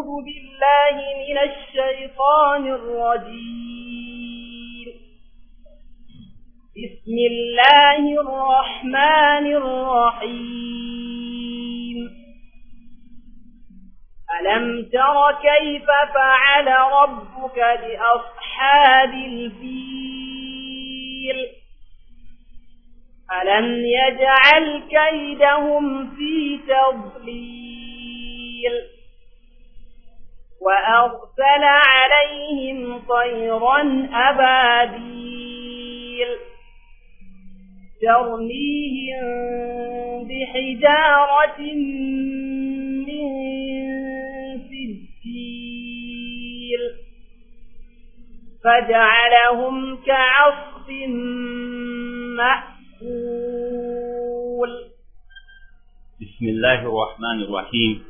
أعوذ بالله من الشيطان الرجيم بسم الله الرحمن الرحيم ألم تر كيف فعل ربك بأصحاب الفيل ألم يجعل كيدهم في تضليل وأرسل عليهم طيرا أبابيل ترميهم بحجارة من سجيل فجعلهم كعصف مأكول بسم الله الرحمن الرحيم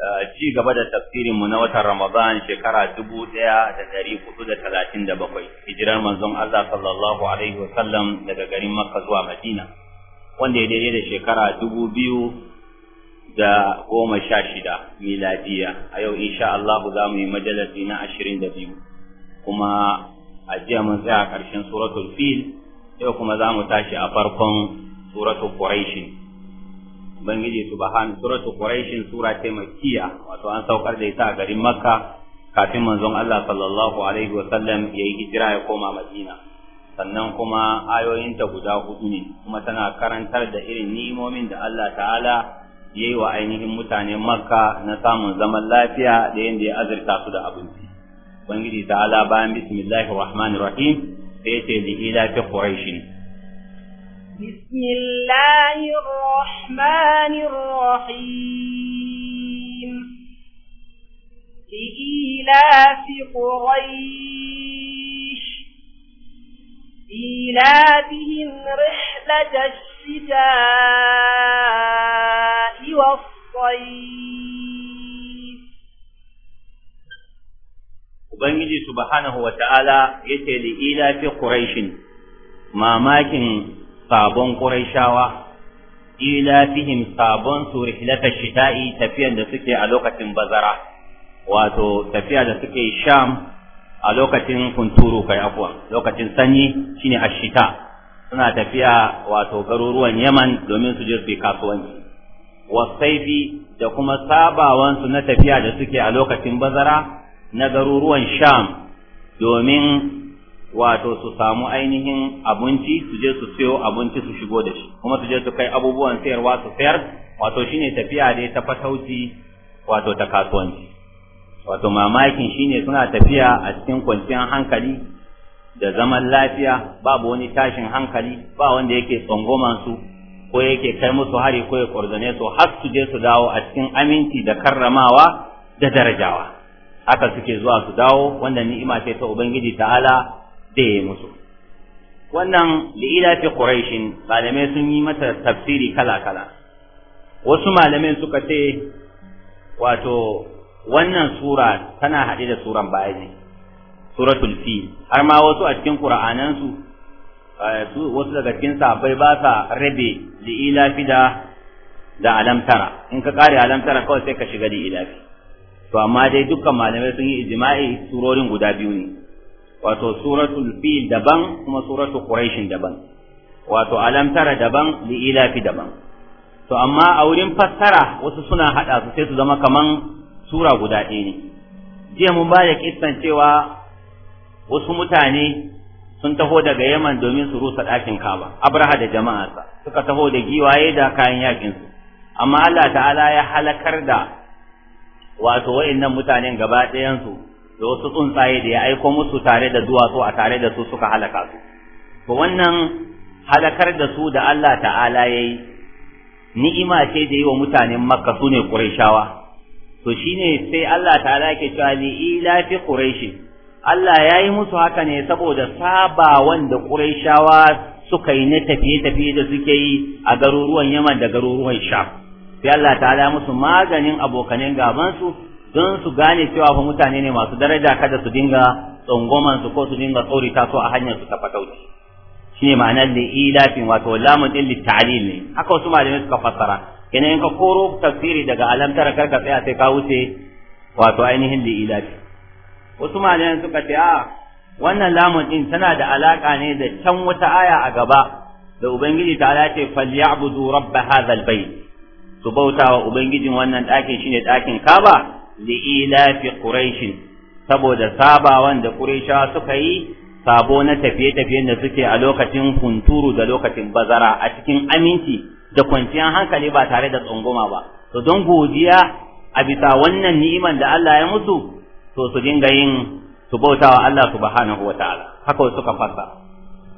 Eh, ci gaba da tafsirin mu na watan Ramadan shekara da da talatin 1437 hijirar manzon Allah sallallahu alaihi wasallam daga garin Makka zuwa Madina wanda ya daidai da shekara sha 2016 miladiya a yau insha Allah za mu yi majalisi na 22 kuma a jiya mun tsaya a karshen suratul fil yau kuma za mu tashi a farkon suratul quraish ubangiji subhanahu suratu quraishin sura ta makkiya wato an saukar da ita a garin makka kafin manzon Allah sallallahu alaihi wa sallam yayi hijira ya koma madina sannan kuma ayoyinta guda hudu ne kuma tana karantar da irin ni'imomin da Allah ta'ala ya yi wa ainihin mutanen makka na samun zaman lafiya da yadda ya azurta su da abinci ubangiji ta'ala bayan bismillahir rahmanir rahim sai ya ce li ila fi quraishin بسم الله الرحمن الرحيم لإيلاف قريش إيلافهم رحلة الشتاء والصيف Ubangiji سبحانه وتعالى ta'ala ya قريش li'ila fi sabon ƙuraishawa ila fihim sabon su rihlata shita'i tafiyan da suke a lokacin bazara wato tafiya da suke sham a lokacin kunturu kai afwa lokacin sanyi shine ashita suna tafiya wato garuruwan yaman domin su je su kasuwanci wasaifi da kuma sabawansu na tafiya da suke a lokacin bazara na garuruwan sham domin wato su samu ainihin abinci su je su siyo abinci su shigo da shi kuma su je su kai abubuwan sayarwa su sayar wato shine tafiya dai ta fatauci wato ta kasuwanci wato mamakin shine suna tafiya a cikin kwanciyar hankali da zaman lafiya babu wani tashin hankali ba wanda yake tsongoman su ko yake kai musu hari ko ya korzane su har su je su dawo a cikin aminci da karramawa da darajawa haka suke zuwa su dawo wanda ni'ima ce ta ubangiji ta'ala da ya mutu wannan li'ila fi quraishin malamai sun yi mata tafsiri kala kala wasu malamai suka ce wato wannan sura tana haɗe da suran baya ne suratul fi har ma wasu a cikin qur'anan eh, su wasu daga cikin sahabbai ba sa rabe li'ila fi da da alamtara in ka kare alamtara kawai sai ka shiga li'ila fi to amma dai dukkan malamai sun yi ijma'i surorin guda biyu ne wato suratul fil daban kuma suratul quraishin daban wato alam tara daban li ilafi daban to amma a wurin fassara wasu suna hada su sai su zama kaman sura guda ɗaya ne jiya mun bada kisan cewa wasu mutane sun taho daga Yaman domin su rusa ɗakin Kaba Abraha da jama'arsa suka taho da giwaye da kayan yakin su amma Allah ta'ala ya halakar da wato wa'annan mutanen gaba ɗayan su da wasu tsuntsaye da ya aiko musu tare da duwatsu a tare da su suka halaka su to wannan halakar da su da Allah ta'ala ya yi ni'ima ce da yi wa mutanen makka su ne qurayshawa to shi ne sai Allah ta'ala ke cewa li ila fi quraishi Allah ya yi musu haka ne saboda sabawan da qurayshawa suka yi na tafiye-tafiye da suke yi a garuruwan Yaman da garuruwan sha. sai Allah ta'ala musu maganin abokanen gabansu. don su gane cewa fa mutane ne masu daraja kada su dinga tsangwaman su ko su dinga tsorita su a hanyar su ta fatauci shine ma'anar da ilafin wato lamun din litta'lil ne haka wasu malamai suka fassara kene in ka koro tafsiri daga alam tara karka tsaya sai ka wuce wato ainihin da ilafi wasu malami suka ce a wannan lamun din tana da alaka ne da can wata aya a gaba da ubangiji ta ala ce falyabudu rabb hadha albayt su bauta wa ubangijin wannan ɗakin shine ɗakin kaba li'ilafi quraish saboda sabawan da quraisha suka yi sabo na tafiye-tafiyen da suke a lokacin hunturu da lokacin bazara a cikin aminci da kwanciyar hankali ba tare da tsangoma ba to don godiya a bisa wannan ni'iman da Allah ya mutu to su dinga yin su bautawa Allah subhanahu wataala haka suka fassa.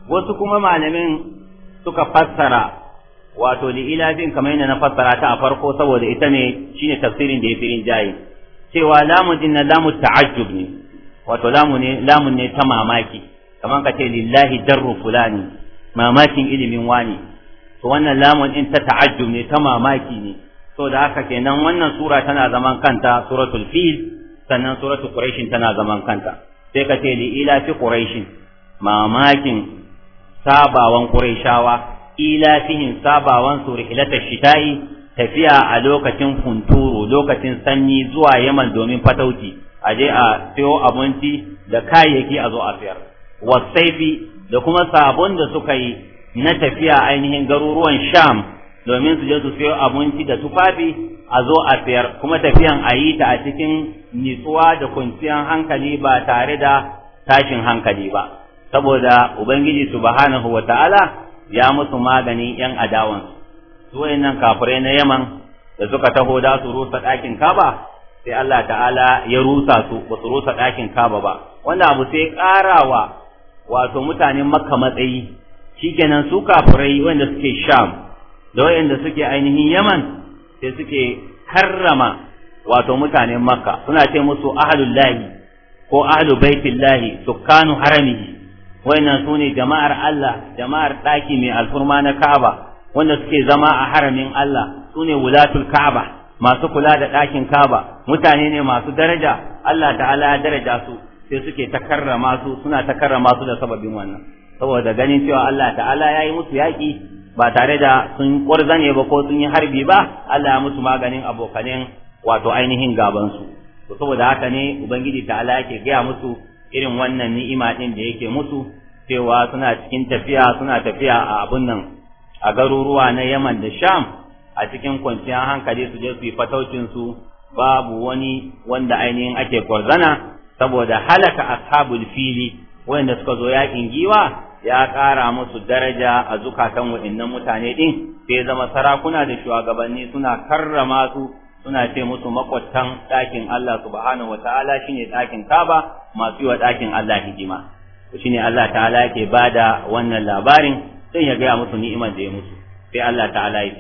wasu kuma malamin suka fassara wato li'ilafin kamar yadda na fassara ta a farko saboda ita ne shine tafsirin da ya fi rinjayi. cewa lamun din na lamun ta'ajjub ne wato lamun ne ta mamaki kamar ka ce lillahi darru fulani mamakin ilimin wani to wannan lamun din ta ta'ajjub ne ta mamaki ne to da haka kenan wannan sura tana zaman kanta suratul fil sannan suratul quraish tana zaman kanta sai ka ce li ila fi quraish mamakin sabawan quraishawa ila fihin sabawan su shita'i tafiya a lokacin hunturu lokacin sanyi zuwa yaman domin fatauci a je a siyo abinci da kayayyaki a zo a siyar wasaifi da kuma sabon da suka yi na tafiya ainihin garuruwan sham domin su je su siyo abinci da tufafi a zo a siyar, kuma tafiyan a yi ta a cikin nitsuwa da kwanciyar hankali ba tare da tashin hankali ba saboda ubangiji subhanahu ta'ala ya musu maganin yan adawansu su wayannan kafirai na Yaman da suka taho da su rusa ɗakin Kaba sai Allah ta'ala ya rusa su ba su rusa ɗakin Kaba ba wannan abu sai ƙarawa wato mutanen Makka matsayi shikenan su kafirai wanda suke Sham da wayanda suke ainihin Yaman sai suke karrama wato mutanen Makka suna ce musu ahlullahi ko ahlu baitillahi sukkanu haramihi wayannan sune jama'ar Allah jama'ar ɗaki mai alfurma na kaba. wanda suke zama a haramin Allah sune wulatul Ka'aba masu kula da ɗakin Ka'aba mutane ne masu daraja Allah ta'ala ya daraja su sai suke takarrama su suna takarrama su da sababin wannan saboda ganin cewa Allah ta'ala ya yi musu yaƙi ba tare da sun ƙwarzane ba ko sun yi harbi ba Allah ya musu maganin abokanin wato ainihin gabansu to saboda haka ne ubangiji ta'ala yake gaya musu irin wannan ni'ima din da yake musu cewa suna cikin tafiya suna tafiya a abun nan a garuruwa na Yaman da Sham a cikin kwanciyar hankali su je su yi fataucin su babu wani wanda ainihin ake kwarzana saboda halaka ashabul fili wanda suka zo yakin giwa ya ƙara musu daraja a zukatan wa'annan mutane din sai zama sarakuna da shugabanni suna karrama su suna ce musu makwattan ɗakin Allah subhanahu wataala shine ɗakin Kaba masu yi wa ɗakin Allah Hijima. shine Allah ta'ala yake bada wannan labarin sai ya gaya musu ni'imar da ya musu sai Allah ta'ala ya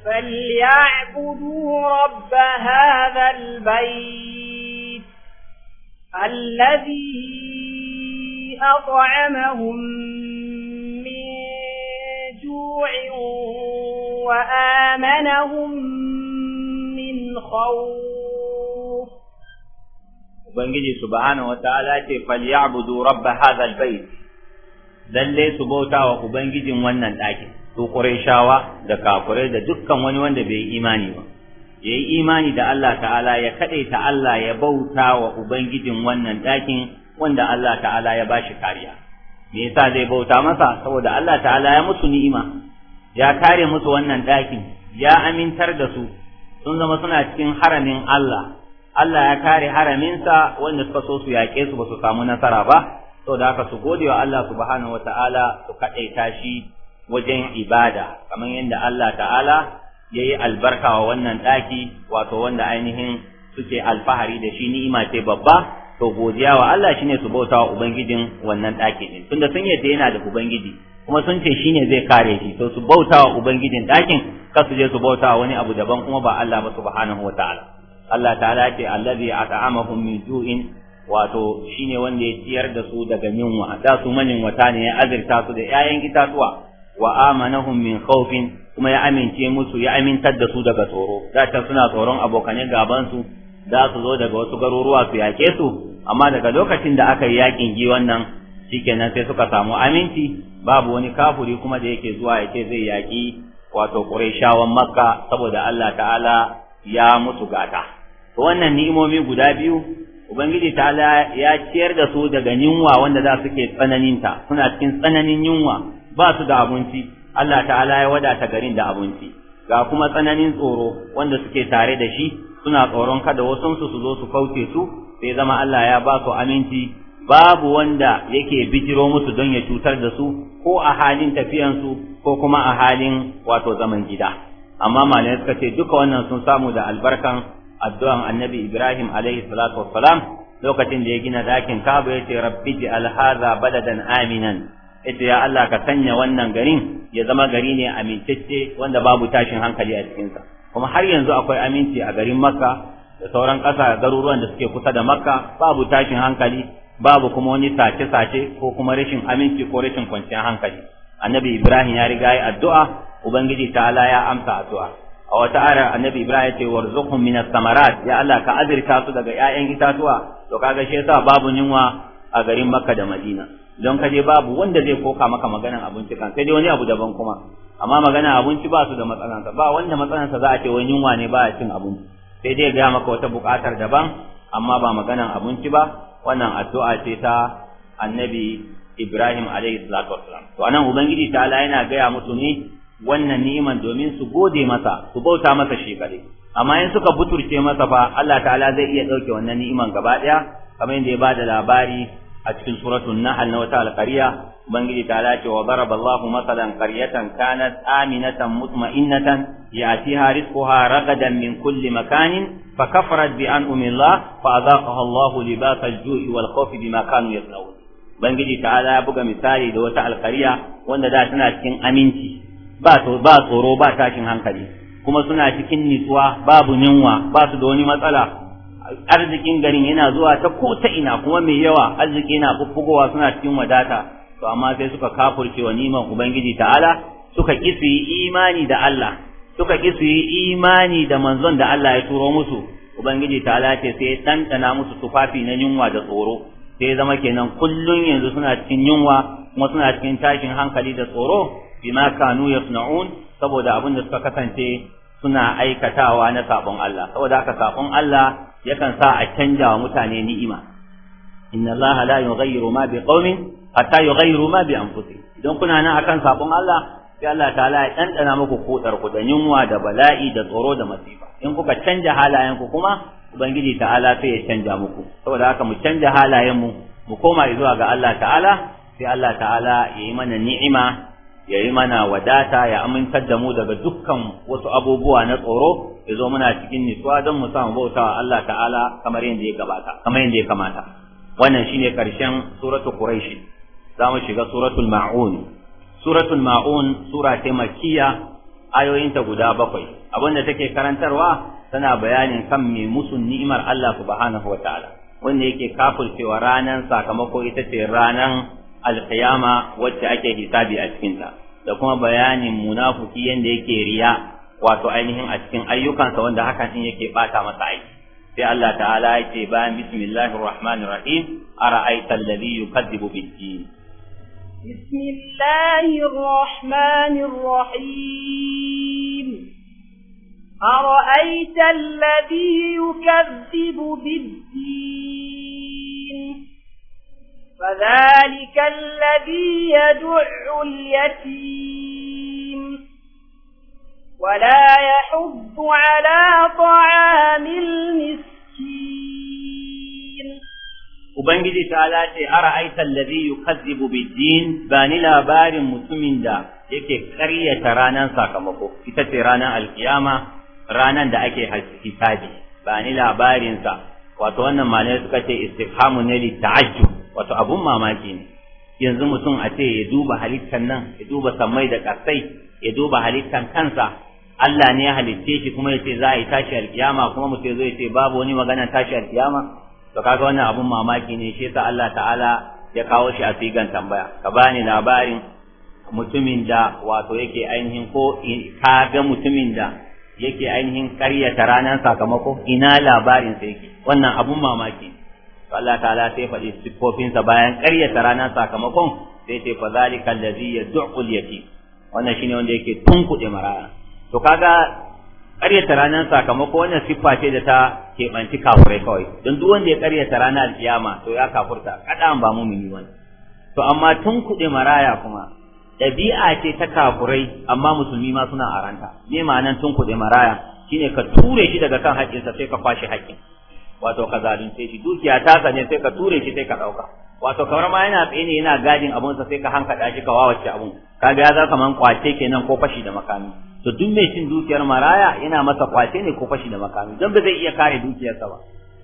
ce falyabudu rabb hadha albayt alladhi at'amahum من جوع وآمنهم من خوف Ubangiji subhanahu wa ta'ala ce, Falyabudu rabba hadha al lalle su bauta wa ubangijin wannan ɗakin su ƙurayshawa da kafirai da dukkan wani wanda bai imani ba ya yi imani da Allah ta'ala ya ta Allah ya bauta wa ubangijin wannan ɗakin wanda Allah ta'ala ya bashi kariya me yasa zai bauta masa saboda Allah ta'ala ya musu ni'ima ya kare musu wannan ɗakin ya amintar da su sun zama suna cikin haramin Allah Allah ya kare haraminsa wanda suka so su yaƙe su ba su samu nasara ba to da haka su gode wa Allah subhanahu wataala su kadaita shi wajen ibada kamar yadda Allah ta'ala yayi albarka wa wannan daki wato wanda ainihin suke alfahari da shi ni'ima ce babba to godiya wa Allah shine su bauta wa ubangijin wannan daki din tunda sun yadda yana da ubangiji kuma sun ce shine zai kare shi to su bauta wa ubangijin dakin kar su je su bauta wa wani abu daban kuma ba Allah ba subhanahu wataala Allah ta'ala ce allazi at'amahum min ju'in wato shine wanda ya ciyar da su daga yunwa da su manin wata ne ya azirta su da 'ya'yan itatuwa wa amanahum min khawfin kuma ya amince musu ya amintar da su daga tsoro da ta suna tsoron abokan gaban su da su zo daga wasu garuruwa su yake su amma daga lokacin da aka yi yakin nan wannan shikenan sai suka samu aminci babu wani kafuri kuma da yake zuwa yake zai yaki wato Qurayshawan Makka saboda Allah ta'ala ya mutu gata to wannan ni'imomi guda biyu ubangiji ta ya ciyar da su daga yunwa wanda za suke ke tsananinta suna cikin tsananin yunwa ba su da abinci Allah ta'ala ya wadata garin da abinci ga kuma tsananin tsoro wanda suke tare da shi suna tsoron kada wasu su su zo su kauce su sai zama Allah ya ba su aminci babu wanda yake bijiro musu don ya cutar da su ko a halin tafiyansu ko kuma a halin wato zaman gida amma malamai suka ce duka wannan sun samu da albarkan addu'an annabi Ibrahim Alayhi salatu wassalam lokacin da ya gina dakin ya ce rabbi ji'al hadha baladan aminan ita ya Allah ka sanya wannan garin ya zama gari ne amintacce wanda babu tashin hankali a cikinsa kuma har yanzu akwai aminci a garin Makka da sauran ƙasa garuruwan da suke kusa da Makka babu tashin hankali babu kuma wani sace-sace ko kuma rashin aminci ko rashin kwanciyar hankali annabi Ibrahim ya riga ya addu'a ubangiji ta'ala ya amsa addu'a a wata ara annabi ibrahim ya ce warzuqhum min as-samarat ya Allah ka azirta su daga 'ya'yan itatuwa to kaga shi yasa babu yunwa a garin makka da madina don kaje babu wanda zai koka maka maganan abinci kan sai dai wani abu daban kuma amma magana abinci ba su da matsalansa ba wanda matsalansa za a ce wani yunwa ne ba a cin abinci sai dai ga maka wata buƙatar daban amma ba maganan abinci ba wannan addu'a ce ta annabi Ibrahim alayhi salatu wassalam to anan ubangiji ta'ala yana gaya musu ne wannan ni'iman domin su gode masa su bauta masa shi amma in suka buturce masa fa Allah ta'ala zai iya dauke wannan ni'iman gaba daya kamar yadda ya bada labari a cikin suratul nahl na wata alqariya Bangiji ta'ala ce wa daraballahu masalan qaryatan kanat aminatan mutma'innatan ya'tiha rizquha ragadan min kulli makanin fa kafarat bi an'ami Allah fa adaqaha Allahu libasal ju'i wal khawfi bima kanu yasnaun Bangiji ta'ala ya buga misali da wata alqariya wanda da tana cikin aminci ba tsoro ba tashin hankali kuma suna cikin nitsuwa babu yunwa ba su da wani matsala arzikin garin yana zuwa ta ko ta ina kuma mai yawa arziki yana bubbugowa suna cikin wadata to amma sai suka kafurce wa niman ubangiji ta'ala suka ki su yi imani da Allah suka ki su yi imani da manzon da Allah ya turo musu ubangiji ta'ala ce sai ɗanɗana musu tufafi na yunwa da tsoro sai zama kenan kullun yanzu suna cikin yunwa kuma suna cikin tashin hankali da tsoro bima kanu yasna'un saboda abin da suka kasance suna aikatawa na sabon Allah saboda haka sabon Allah yakan sa a canja wa mutane ni'ima inna Allah la yughayyiru ma biqaumin hatta yughayyiru ma bi anfusihim idan kuna nan akan sabon Allah sai Allah ta'ala ya ɗanɗana muku kotar ku da yunwa da bala'i da tsoro da masifa in kuka canja halayen ku kuma ubangiji ta'ala sai ya canja muku saboda haka mu canja halayen mu mu koma zuwa ga Allah ta'ala sai Allah ta'ala ya yi mana ni'ima ya yi mana wadata ya amintar da mu daga dukkan wasu abubuwa na tsoro ya zo muna cikin nisuwa, don mu samu bauta wa Allah ta'ala kamar yadda ya gabata kamar yadda ya kamata wannan shine karshen suratul quraish za mu shiga suratul ma'un suratul ma'un sura ta makkiya ayoyinta guda bakwai abinda take karantarwa tana bayanin kan mai musun ni'imar Allah subhanahu Ta'ala, wanda yake kafulcewa ranan sakamako ita ce ranan alqiyama wacce ake hisabi a cikin ta da kuma bayanin munafiki yanda yake riya wato ainihin a cikin ayyukansa wanda hakan din yake bata masa aiki sai Allah ta'ala yake bayan bismillahir rahmanir rahim ara'aita alladhi yukadzibu bid-din bismillahir rahmanir rahim ara'aita alladhi yukadzibu bid-din ذلك الذي يدع اليتيم ولا يحب على طعام المسكين وبنجد تعالى أرأيت الذي يكذب بالدين بانلا بار متمند يكي قرية رانا ساقمك كتت رانا القيامة رانا دا أكي حسكتابي بانلا بار ساقمك وأتوانا ما نسكت استفهام نيلي wato abun mamaki ne yanzu mutum a ce ya duba halittan nan ya duba sammai da ƙasai ya duba halittan kansa Allah ne ya halitte shi kuma ya ce za a yi tashi alkiyama kuma mutum zai ce babu wani magana tashi alkiyama to kaga wannan abun mamaki ne shi yasa Allah ta'ala ya kawo shi a sigan tambaya ka bani labarin mutumin da wato yake ainihin ko ka ga mutumin da yake ainihin karyata ranar sakamako ina labarin sa yake wannan abun mamaki Allah ta'ala sai faɗi siffofinsa bayan ƙaryata ranar sakamakon sai ce fa zalika allazi yad'ul yatim wannan shine wanda yake tunkuɗe maraya to kaga ƙaryata ranar sakamakon wannan siffa ce da ta keɓanci kafurai kawai don duk wanda ya ƙaryata rana alkiyama to ya kafurta kaɗan ba mumini wani to amma tunkuɗe maraya kuma ɗabi'a ce ta kafurai amma musulmi ma suna aranta me ma'anan tunkuɗe maraya shine ka ture shi daga kan haƙƙinsa sai ka kwashe haƙƙin wato ka zalunce shi dukiya ta sanye sai ka ture shi sai ka dauka wato kamar ma yana tsaye ne yana gadin abun sa sai ka da shi ka wawace abun kaga ya zaka man kwace kenan ko fashi da makami to duk mai cin dukiyar maraya yana masa kwace ne ko fashi da makami dan ba zai iya kare dukiyar dukiyarsa ba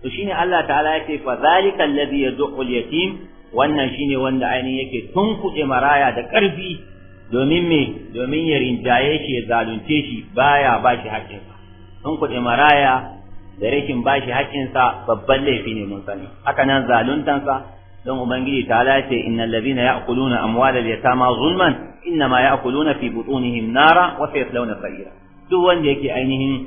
to shine Allah ta'ala yake fa zalika alladhi yad'ul yatim wannan shine wanda ainihin yake tunkuɗe maraya da ƙarfi domin me domin ya rinjaye shi ya zalunce shi baya ba shi haƙƙinsa tunkuɗe maraya da rashin bashi haƙƙinsa babban laifi ne mun sani haka nan zaluntansa don ubangiji ta lace innal ladina ya'kuluna amwalal yatama zulman innama ya'kuluna fi butunihim nara wa sayaslawna sa'ira duk wanda yake ainihin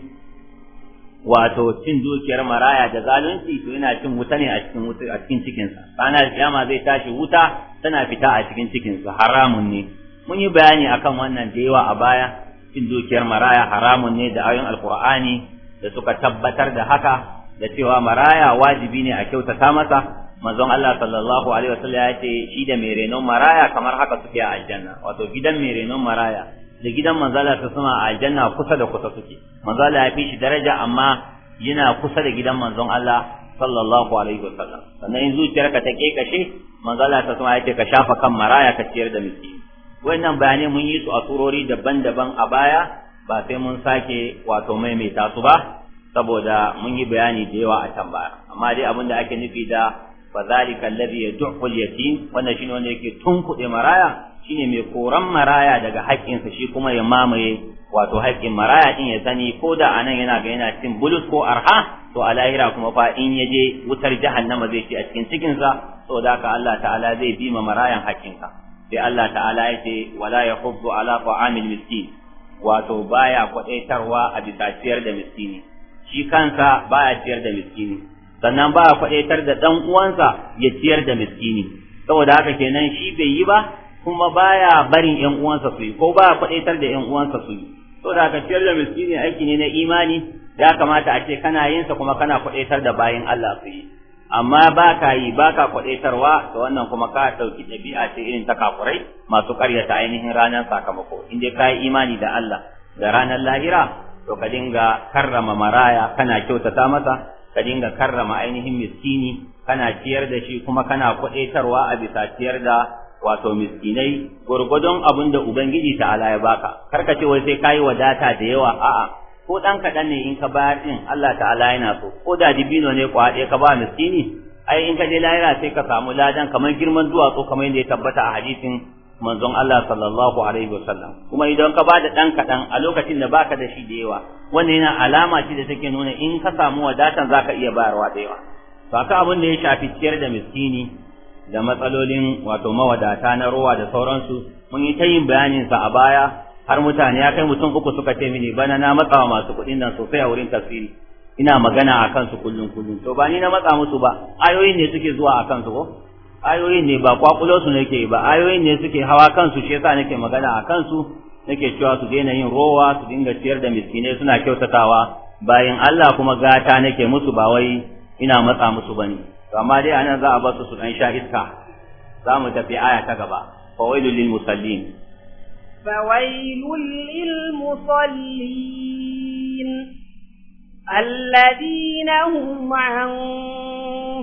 wato cin dukiyar maraya da zalunci to yana cin wuta ne a cikin a cikin cikin sa kiyama zai tashi wuta tana fita a cikin cikin sa haramun ne mun yi bayani akan wannan da yawa a baya cin dukiyar maraya haramun ne da ayoyin alqur'ani da suka tabbatar da haka da cewa maraya wajibi ne a kyautata masa manzon Allah sallallahu alaihi wasallam ya ce shi da mai renon maraya kamar haka suke a aljanna wato gidan mai renon maraya da gidan Allah ta sama a aljanna kusa da kusa suke Allah ya fi shi daraja amma yana kusa da gidan manzon Allah sallallahu alaihi wasallam sannan in ka ta kekashe Allah ta sama ce ka shafa kan maraya ka ciyar da miki wannan bayanai mun yi su a surori daban-daban a baya ba sai mun sake wato maimaita su ba saboda mun yi bayani da yawa a can baya amma dai abin da ake nufi da fa zalika alladhi yad'u yatim wannan shine wanda yake tunkuɗe maraya shine mai koran maraya daga haƙƙinsa shi kuma ya mamaye wato haƙƙin maraya din ya sani ko da anan yana ga yana cin bulus ko arha to a lahira kuma fa in ya je wutar jahannama zai ci a cikin cikinsa saboda haka Allah ta'ala zai bi ma marayan haƙƙinka sai Allah ta'ala ya ce wala yahuddu ala ta'amil miskin wato baya kwadaitarwa a bisa ciyar da miskini shi kansa baya ciyar da miskini sannan baya kwadaitar da dan uwansa ya ciyar da miskini saboda haka kenan shi bai yi ba kuma baya barin yan uwansa su yi ko baya kwadaitar da yan uwansa su yi saboda haka ciyar da miskini aiki ne na imani ya kamata a ce kana yin sa kuma kana kwadaitar da bayin Allah su yi amma ba ka yi ba ka kwaɗaitarwa da wannan kuma ka ɗauki ɗabi'a ce irin ta kakurai masu karyata ainihin ranar sakamako in dai ka yi imani da Allah da ranar lahira to ka dinga karrama maraya kana kyautata masa ka dinga karrama ainihin miskini kana ciyar da shi kuma kana kwaɗaitarwa a bisa ciyar da wato miskinai gwargwadon abin da ubangiji ta ala ya baka kar ka ce wai sai ka yi wadata da yawa a'a ko dan kaɗan ne in ka bayar Allah ta'ala yana so ko da dibino ne ko haɗe ka ba miskini ai in ka je lahira sai ka samu ladan kamar girman duwatsu kamar yadda ya tabbata a hadisin manzon Allah sallallahu alaihi wasallam kuma idan ka bada dan kaɗan a lokacin da baka da shi da yawa wannan yana alama ce da take nuna in ka samu wadatan zaka iya bayarwa da yawa to haka abin da ya shafi ciyar da miskini da matsalolin wato mawadata na ruwa da sauransu mun yi ta yin bayanin sa a baya har mutane ya kai mutum uku suka ce mini bana na matsa masu kuɗin nan sosai a wurin tafsiri ina magana a kansu kullum kullum to ba ni na matsa musu ba ayoyin ne suke zuwa a kansu ko ayoyin ne ba kwakulo su nake ba ayoyin ne suke hawa kansu shi yasa nake magana a kansu nake cewa su daina yin rowa su dinga ciyar da miskinai suna kyautatawa bayan Allah kuma gata nake musu ba wai ina matsa musu bane to amma dai anan za a basu su dan sha iska za mu tafi aya ta gaba wailul lil musallin فويل للمصلين الذين هم عن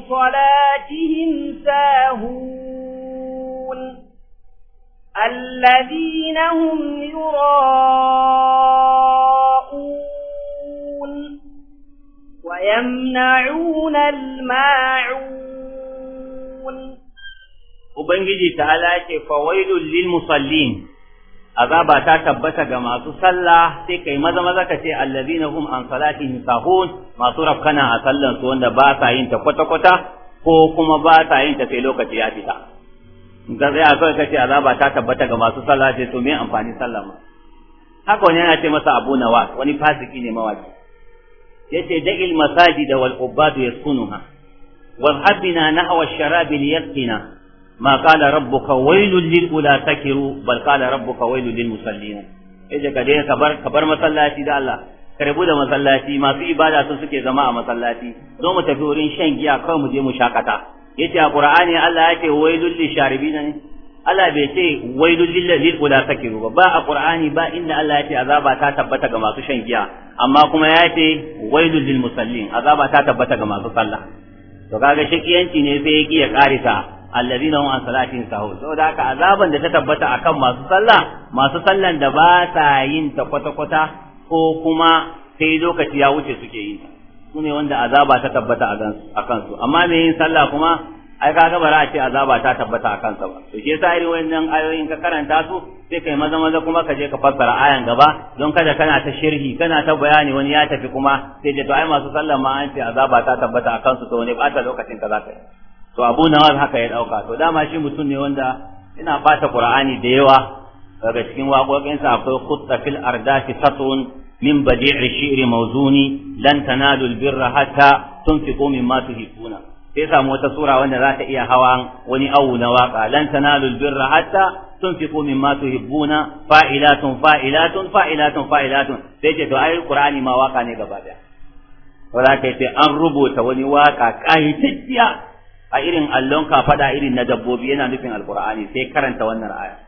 صلاتهم ساهون الذين هم يراءون ويمنعون الماعون Ubangiji ta فويل للمصلين lil musallin azaba ta tabbata ga masu sallah sai kai maza maza ka ce allazina hum an salatihim sahun masu rafkana a sallan su wanda ba sa yin ta kwata kwata ko kuma ba sa yin ta sai lokaci ya fita in sai ka ce azaba ta tabbata ga masu sallah sai to me amfani sallah ma haka wani yana ce masa abu nawa wani fasiki ne mawaki yace da'il masajida wal ubadu yaskunuha wa habina nahwa sharabi liyaqina ma qala rabbuka wailul lil ula takiru bal qala rabbuka wailul lil musallin yace ka daina ka bar ka bar masallaci da Allah ka rabu da masallaci masu ibada sun suke zama a masallaci zo mu tafi wurin shan giya kawai mu je mu shakata yace a qur'ani Allah yake wailul lil sharibina ne Allah bai ce wailul lil lil ula takiru ba ba a qur'ani ba inda Allah yake azaba ta tabbata ga masu shan giya amma kuma ya ce wailul lil musallin azaba ta tabbata ga masu sallah to kaga shakiyanci ne sai ya ƙi ya ƙarisa allazina hum an salatihim sahun saboda haka azaban da ta tabbata akan masu sallah masu sallan da ba sa yin ta kwata kwata ko kuma sai lokaci ya wuce suke yi, sune wanda azaba ta tabbata akan su amma me yin sallah kuma ai kaga bara a ce azaba ta tabbata akan sa ba to shi yasa irin wannan ayoyin ka karanta su sai kai maza maza kuma ka je ka fassara ayan gaba don kada kana ta sharhi kana ta bayani wani ya tafi kuma sai ce to ai masu sallah ma an ce azaba ta tabbata akan su to ne ba ta lokacin ka za ka yi to abu nawab haka ya dauka to dama shi mutum ne wanda ina bata qur'ani da yawa daga cikin waƙoƙinsa akwai khutta fil ardafi satun min badi'i shi'ri mawzuni lan tanalu albirra hatta tunfiqu mimma tuhibbuna sai samu wata sura wanda za ta iya hawan wani awu na waka lan tanalu albirra hatta tunfiqu mimma tuhibbuna fa'ilatun fa'ilatun fa'ilatun fa'ilatun sai ce to ai qur'ani ma waka ne gaba daya wala kai sai an rubuta wani waka kayitacciya a irin allon kafada irin na dabbobi yana nufin alkur'ani sai karanta wannan aya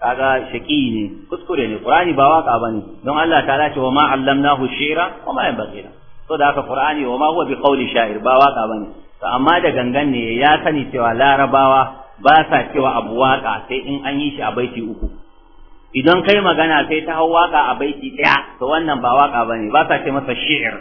kaga shaqi ne kuskure ne qur'ani ba waka bane don Allah ta lace wa ma allamnahu shi'ra wa ma yanbaghi so da haka qur'ani wa ma huwa biqauli sha'ir ba waka bane to amma da gangan ne ya sani cewa larabawa ba sa cewa abu waka sai in an yi shi a baiti uku idan kai magana sai ta hau waka a baiti daya to wannan ba waka bane ba sa ce masa shi'ir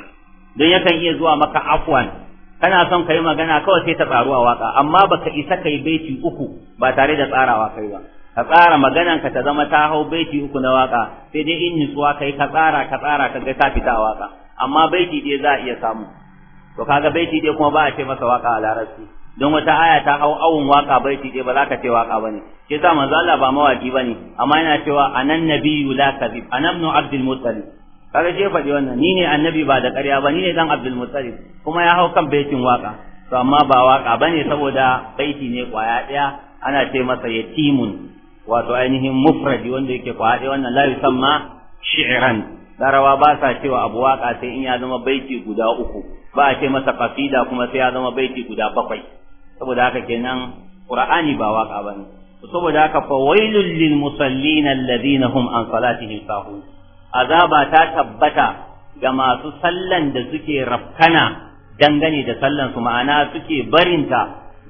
don yakan iya zuwa maka afwan kana son kai magana kawai sai ta tsaru a waka amma baka isa kai baiti uku ba tare da tsarawa kai ba ka tsara maganan ka ta zama ta hau baiti uku na waka sai dai in nutsuwa kai ka tsara ka tsara ka ga ta fita waka amma baiti dai za a iya samu to kaga baiti dai kuma ba a ce masa waka a larabci don wata aya ta hau awun waka baiti dai ba za ka ce waka bane ke sa manzo Allah ba mawaki bane amma yana cewa anan nabiyyu la kadhib anan ibn abdul muttalib kaga shi faɗi wannan ni ne annabi ba da ƙarya ba ni ne dan Abdul kuma ya hau kan baitin waka to amma ba waka bane saboda baiti ne kwaya ɗaya ana ce masa yatimun wato ainihin mufradi wanda yake kwaya ɗaya wannan la yusamma shi'ran larawa ba sa cewa abu waka sai in ya zama baiti guda uku ba a ce masa kafida kuma sai ya zama baiti guda bakwai saboda haka kenan qur'ani ba waka bane saboda haka fawailul lil musallin alladhina hum an salatihim sahun azaba ta tabbata ga masu sallan da suke rafkana dangane da sallan su ma'ana suke barinta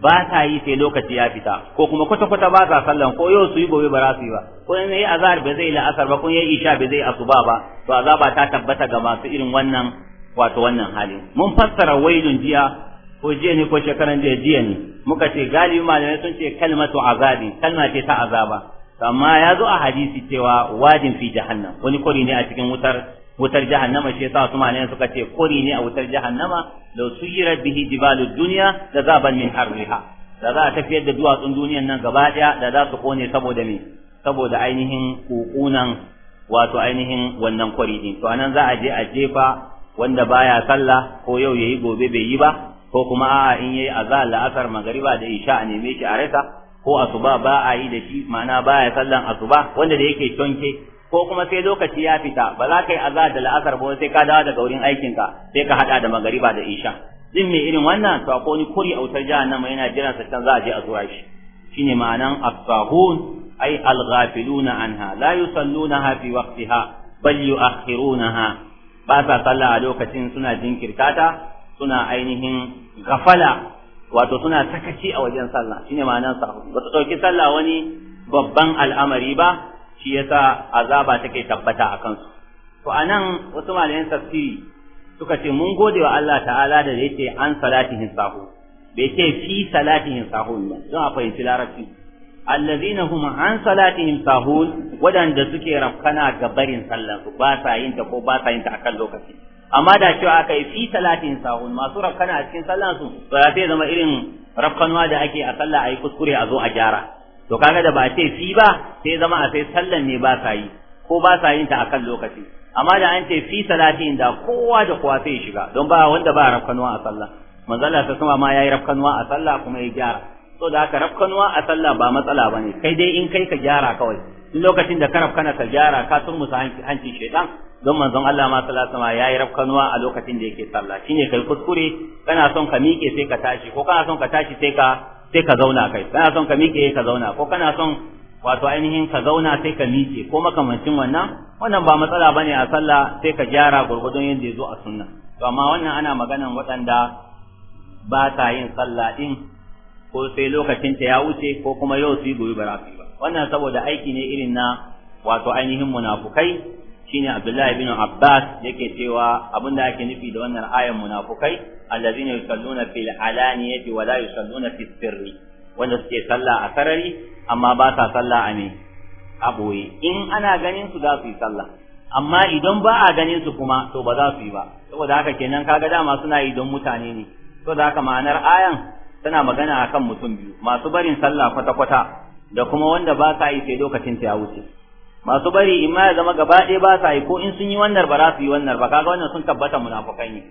ba ta yi sai lokaci ya fita ko kuma kwata kwata ba sa sallan ko yau su yi gobe ba za su yi ba ko in yi azhar ba zai la'asar ba ko yi isha ba zai asuba ba to azaba ta tabbata ga masu irin wannan wato wannan hali. mun fassara wailun jiya ko jiya ne ko shekaran jiya jiya ne muka ce galibi malamai sun ce kalmatu azabi kalma ce ta azaba amma ya zo a hadisi cewa wajin fi jahannam wani kori ne a cikin wutar wutar jahannama shi yasa su malayan suka ce kori ne a wutar jahannama law suyira bihi jibalud dunya da zaban min harriha da za a tafiyar da duwatsun duniyan nan gaba daya da za su kone saboda me saboda ainihin kukunan wato ainihin wannan kwari din to anan za a je a jefa wanda baya sallah ko yau yayi gobe bai yi ba ko kuma a'a in yayi azal la'asar magariba da isha a neme shi a rasa ko asuba ba a yi da shi ma'ana ba ya sallan asuba wanda da yake tonke ko kuma sai lokaci ya fita ba za ka yi azar da la'asar ba sai ka dawo daga wurin aikinka sai ka haɗa da magariba da isha din mai irin wannan to akwai wani kuri a wutar ma yana jiran sa can za a je a zuwa shi shine ma'anan as-sahun ay al anha la yusallunaha fi waqtiha bal yu'akhirunaha ba sa sallah a lokacin suna jinkirtata suna ainihin gafala wato suna sakaci a wajen sallah shine ma'anar sahu. ba su ɗauki sallah wani babban al'amari ba shi yasa azaba take tabbata a kansu to anan wasu malayan tafsiri suka ce mun gode wa Allah ta'ala da yace an salatihin sahu. bai ce fi salatihin sahur ba don a fahimci larabci allazina hum an salatihim sahul wadanda suke rafkana ga barin sallar ba sa yin ta ko ba sa yin ta akan lokaci amma da cewa aka yi fi talatin sahun masu rafkana a cikin sallah su ba ta zama irin rafkanuwa da ake a sallah a yi kuskure a zo a gyara to kaga da ba a ce fi ba sai zama a sai sallan ne ba sa yi ko ba sa yin ta akan lokaci amma da an ce fi talatin da kowa da kowa sai shiga don ba wanda ba rafkanuwa a sallah manzala ta sama ma yayi rafkanuwa a sallah kuma ya gyara so da haka rafkanuwa a sallah ba matsala bane kai dai in kai ka gyara kawai lokacin da ka rafkana ka gyara ka tun musu hanci shaitan don manzon Allah ma sallallahu alaihi yayi rafkanuwa a lokacin da yake sallah shine kai kuskure kana son ka miƙe sai ka tashi ko kana son ka tashi sai ka sai ka zauna kai kana son ka miƙe ka zauna ko kana son wato ainihin ka zauna sai ka miƙe ko makamancin wannan wannan ba matsala bane a sallah sai ka gyara gurgudun yadda ya zo a sunna to amma wannan ana maganan waɗanda ba ta yin sallah din ko sai lokacin ta ya wuce ko kuma yau su yi gobe ba za ba wannan saboda aiki ne irin na wato ainihin munafukai shine Abdullahi bin Abbas yake cewa abinda ake nufi da wannan ayan munafukai allazina yusalluna fil alaniyati wa la yusalluna fis sirri wanda suke sallah a sarari amma ba sa sallah a me a boye in ana ganin su za su yi sallah amma idan ba a ganin su kuma to ba za su yi ba saboda haka kenan kaga dama suna yi don mutane ne saboda haka ma'anar ayan tana magana akan mutum biyu masu barin sallah kwata-kwata da kuma wanda ba sa yi sai lokacin ta ya wuce masu bari in ma ya zama gaba ɗaya ba sa yi ko in sun yi wannan ba za su yi wannan ba kaga wannan sun tabbata munafukai ne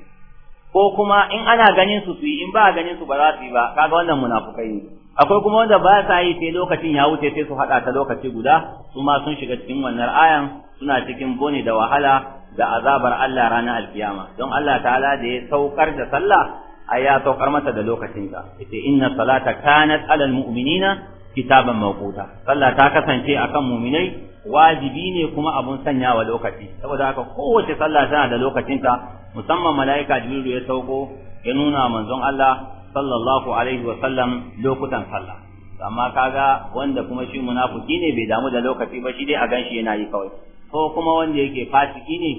ko kuma in ana ganin su su yi in ba a ganin su ba za su yi ba kaga wannan munafukai ne akwai kuma wanda ba sa yi sai lokacin ya wuce sai su haɗa ta lokaci guda su ma sun shiga cikin wannan ayan suna cikin bone da wahala da azabar Allah ranar alkiyama don Allah ta'ala da ya saukar da sallah a ya saukar mata da lokacinta ita inna salata kanat alal mu'minina kitaban mawquta sallah ta kasance akan mu'minai wajibi ne kuma abun sanyawa lokaci saboda haka kowace sallah tana da lokacinta musamman mala'ika jibril ya sauko ya nuna manzon Allah sallallahu alaihi wa sallam lokutan sallah amma kaga wanda kuma shi munafiki ne bai damu da lokaci ba shi dai a ganshi yana yi kawai ko kuma wanda yake fasiki ne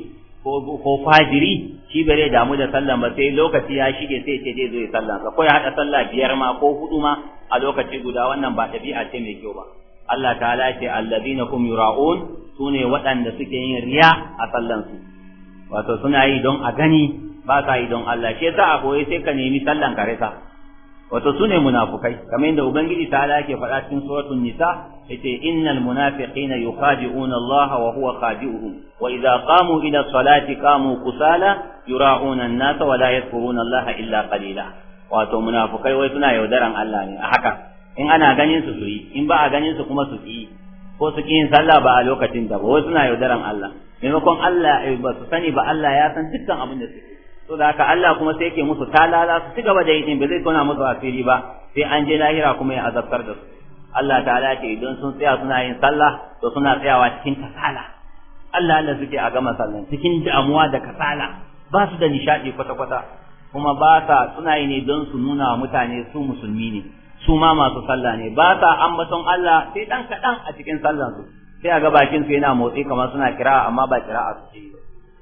ko ko fajiri shi bai damu da sallan ba sai lokaci ya shige sai ce zai zo ya sallan ko ya hada sallah biyar ma ko hudu ma a lokaci guda wannan ba tabi'a ce mai kyau ba Allah ta'ala ce allazina kum yura'un sune waɗanda suke yin riya a sallansu wato suna yi don a gani ba ka yi don Allah shi yasa a koyi sai ka nemi sallan ka rasa wato sune munafukai kamar yadda ubangiji ta'ala ke faɗa cikin suratul nisa yace innal munafiqina yukhadi'una Allah wa huwa khadi'uhum wa idza qamu ila salati qamu kusala yura'una an-nasa wa la yadhkuruna Allah illa qalila wato munafukai wai suna yaudaran Allah ne a haka in ana ganin su su yi in ba a ganin su kuma su yi ko su yin sallah ba a lokacin da ba wasu na yaudaran Allah maimakon Allah eh, ba su sani ba Allah ya san dukkan abin da su yi so da haka Allah kuma sai yake musu talala su cigaba gaba da yi ba zai tona musu asiri ba sai an je lahira kuma ya azabtar da su Allah ta'ala ce idan sun tsaya suna yin sallah to suna tsayawa cikin kasala Allah Allah suke a gama sallan cikin damuwa da kasala ba su da nishaɗi kwata-kwata kuma ba sa suna yi ne don su nuna wa mutane su musulmi ne su ma masu sallah ne ba sa ambaton Allah sai dan kaɗan a cikin sallansu sai a ga bakin su yana motsi kamar suna kira amma ba kira su ce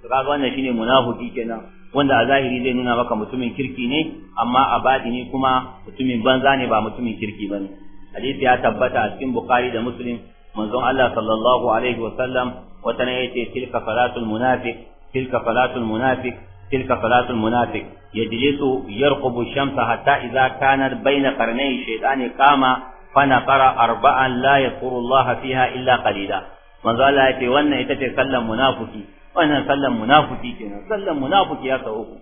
to kaga wannan shine munafiki kenan wanda a zahiri zai nuna maka mutumin kirki ne amma a baɗini kuma mutumin banza ne ba mutumin kirki bane hadisi ya tabbata a cikin bukhari da muslim manzon Allah sallallahu alaihi wa sallam wata ne yace tilka salatul munafiq tilka salatul munafiq tilka salatul munafiq yajlisu yarqubu shamsa hatta idza kana bayna qarnay shaytani qama fa naqara arba'an la yadhkuru Allah fiha illa qalila manzo wannan ita ce sallan munafiki wannan sallan munafiki kenan sallan munafiki ya sau uku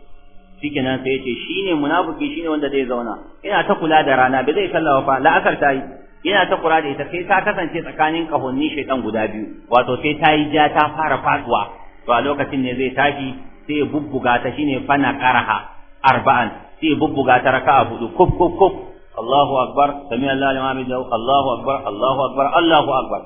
shikenan sai yace shine munafiki shine wanda zai zauna ina ta kula da rana bai zai sallawa fa la'akar ta yi yana ta kura da ita sai ta kasance tsakanin kahonni shaitan guda biyu wato sai ta yi ja ta fara faduwa to a lokacin ne zai tashi sai ya bubbuga ta shine fana qaraha arba'an sai ya bubbuga ta raka'a hudu kuf kuf kuf Allahu akbar sami Allahu liman hamidahu Allahu akbar Allahu akbar Allahu akbar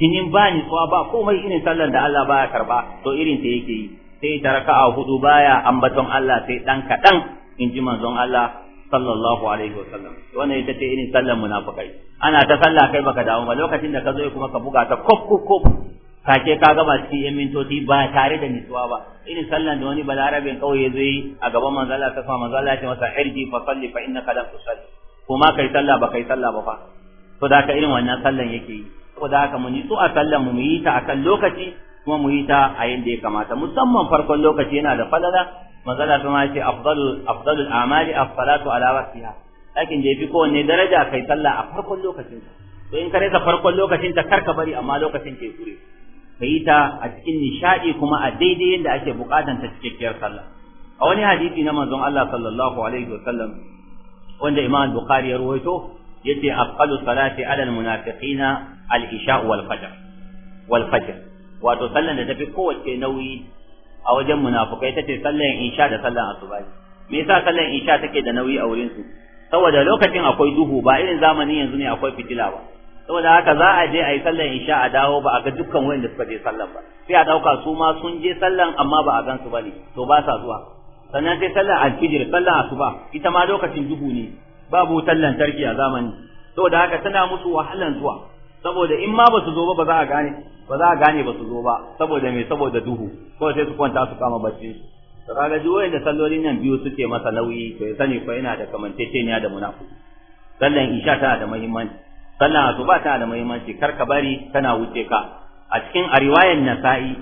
tinin bani tsawa ba komai irin sallar da Allah baya karba to irin ta yake yi sai ta raka'a hudu baya ambaton Allah sai dan kadan in ji manzon Allah sallallahu alaihi wasallam wannan ita ce irin sallar munafikai ana ta sallah kai baka dawo ba lokacin da ka zo kuma ka buga ta kop kop kop kake ka gama cikin yan mintoci ba tare da nutsuwa ba in sallan da wani balarabin kawai ya zai yi a gaban manzo Allah ta fa manzo Allah ya masa irji fa salli fa innaka lam tusalli kuma kai sallah ba kai sallah ba fa to da ka irin wannan sallan yake yi ko da haka mu nitsu a sallan mu yi ta akan lokaci kuma mu yi ta a yanda ya kamata musamman farkon lokaci yana da falala manzo Allah kuma ya afdalu afdalu al a'mali as-salatu ala waqtiha lakin da yafi kowanne daraja kai sallah a farkon lokacin to in ka rasa farkon lokacin ta karka bari amma lokacin ke kure ka yi ta a cikin nishaɗi kuma a daidai yadda ake buƙatan ta cikakkiyar sallah a wani hadisi na manzon Allah sallallahu alaihi wa sallam wanda Imam Bukhari ya ruwaito yace afqalu salati ala almunafiqina al-isha wal fajr wal fajr wato sallan da tafi kowace nauyi a wajen munafikai tace sallan isha da sallan asuba me yasa sallan isha take da nauyi a wurin su saboda lokacin akwai duhu ba irin zamanin yanzu ne akwai fitila ba saboda haka za a je a yi sallan isha a dawo ba a ga dukkan wanda suka je sallan ba sai a dauka su ma sun je sallan amma ba a gan su bane to ba sa zuwa sannan sai sallan alfijir sallan asuba ita ma lokacin duhu ne babu wutar lantarki a zamani saboda haka tana musu wahalan zuwa saboda in ma ba su zo ba ba za a gane ba za a gane ba su zo ba saboda me saboda duhu ko sai su kwanta su kama bacci to kaga duk wanda sallolin nan biyu suke masa nauyi to ya sani ko yana da da munafiki sallan isha tana da muhimmanci sallan asuba tana da muhimmanci kar ka bari tana wuce ka a cikin a riwayar nasa'i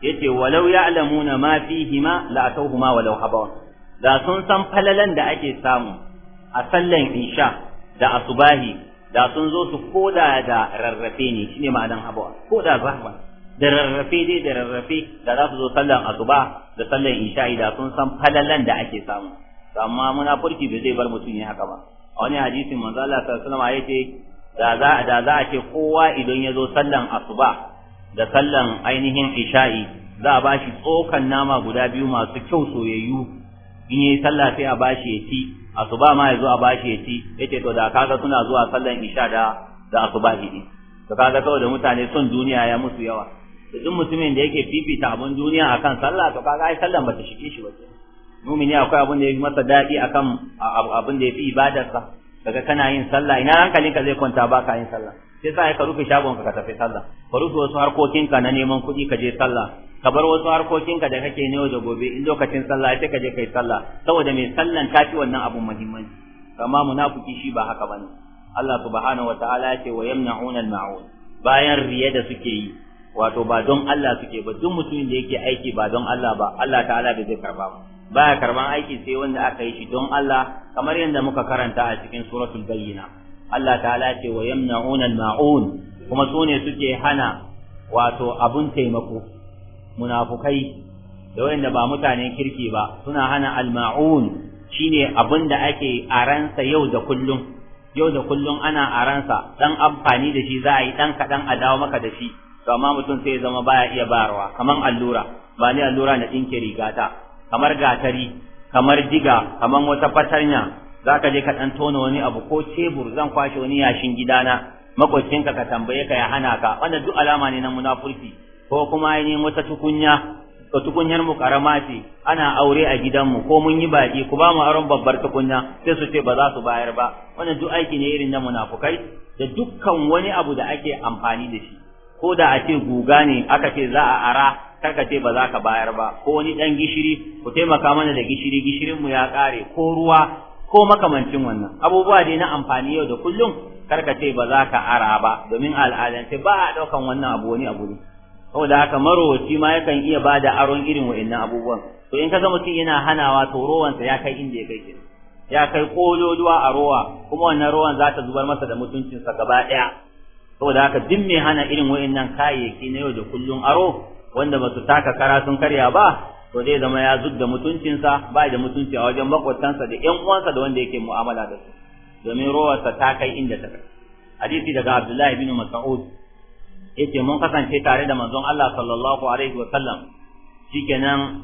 yace walau ya'lamuna ma fihima la atawhuma walau habawan da sun san falalan da ake samu a sallan isha da asubahi da sun zo su koda da rarrafe ne shine ma'anan habawa koda zahwa da rarrafe dai da rarrafe da za su zo sallan asuba da sallan isha'i da sun san falalan da ake samu amma munafurki bai zai bar mutum ya haka ba a wani hadisin manzo Allah sallallahu alaihi wasallam yace da za da za a ce kowa idan ya zo sallan asuba da sallan ainihin isha'i za a bashi tsokan nama guda biyu masu kyau soyayyu in yi sallah sai a bashi ya ci asuba ma ya zo a bashi ya ci yace to da kaga suna zuwa sallan isha da da asuba hidi to kaga kawai da mutane son duniya ya musu yawa to duk mutumin da yake fifita abun duniya akan sallah to kaga ai sallan bata shige shi ba mumini akwai abin da ya fi masa daɗi akan abin da ya fi ibadarsa daga kana yin sallah ina hankalinka zai kwanta ba ka yin sallah sai sa ka rufe shagonka ka tafi sallah ka rufe wasu harkokinka na neman kuɗi ka je sallah ka bar wasu harkokinka da kake ne da gobe in lokacin sallah sai ka je kai sallah saboda mai sallan ta fi wannan abun muhimmanci amma munafiki shi ba haka bane Allah subhanahu wataala ya ce wa yamna'una al-ma'un bayan riya da suke yi wato ba don Allah suke ba duk mutumin da yake aiki ba don Allah ba Allah ta'ala bai zai karba ba baya karban aiki sai wanda aka yi shi don Allah kamar yadda muka karanta a cikin suratul bayyina Allah ta'ala ce wa yamna'una al-ma'un kuma sune suke hana wato abun taimako munafukai da wanda ba mutane kirki ba suna hana al-ma'un shine abun da ake aransa yau da kullum yau da kullum ana aransa dan amfani da shi za a yi dan kadan a dawo maka da shi to amma mutum sai ya zama baya iya bayarwa kaman allura ba ni allura na dinke rigata kamar gatari kamar diga kamar wata fatanya za ka je ka ɗan tona wani abu ko tebur zan kwashe wani yashin gidana makocinka ka tambaye ka ya hana ka wannan duk alama ne na munafurci ko kuma ainihin wata tukunya ko tukunyar mu karama ce ana aure a gidanmu ko mun yi baki ku ba mu aron babbar tukunya sai su ce ba za su bayar ba wannan duk aiki ne irin na munafukai da dukkan wani abu da ake amfani da shi ko da a ce guga ne aka ce za a ara karka ce ba za ka bayar ba ko wani dan gishiri ku taimaka mana da gishiri gishirin mu ya kare ko ruwa ko makamancin wannan abubuwa dai na amfani yau da kullum karka ce ba za ka ara ba domin al'adance ba a daukan wannan abu wani abu ne saboda haka marowaci ma yakan iya ba da aron irin wa'annan abubuwan to in ka kaga mutum yana hanawa to rowansa ya kai inda ya kai ke ya kai kololuwa a rowa kuma wannan rowan za ta zubar masa da mutuncinsa gaba ɗaya saboda haka duk mai hana irin wa'annan kayayyaki na yau da kullum aro wanda ba su taka kara sun karya ba to zai zama ya zudda mutuncinsa ba da mutunci a wajen makwabtansa da ƴan uwansa da wanda yake mu'amala da su domin rowarsa ta kai inda ta kai hadisi daga Abdullahi bin Mas'ud yace mun kasance tare da manzon Allah sallallahu alaihi wa sallam shikenan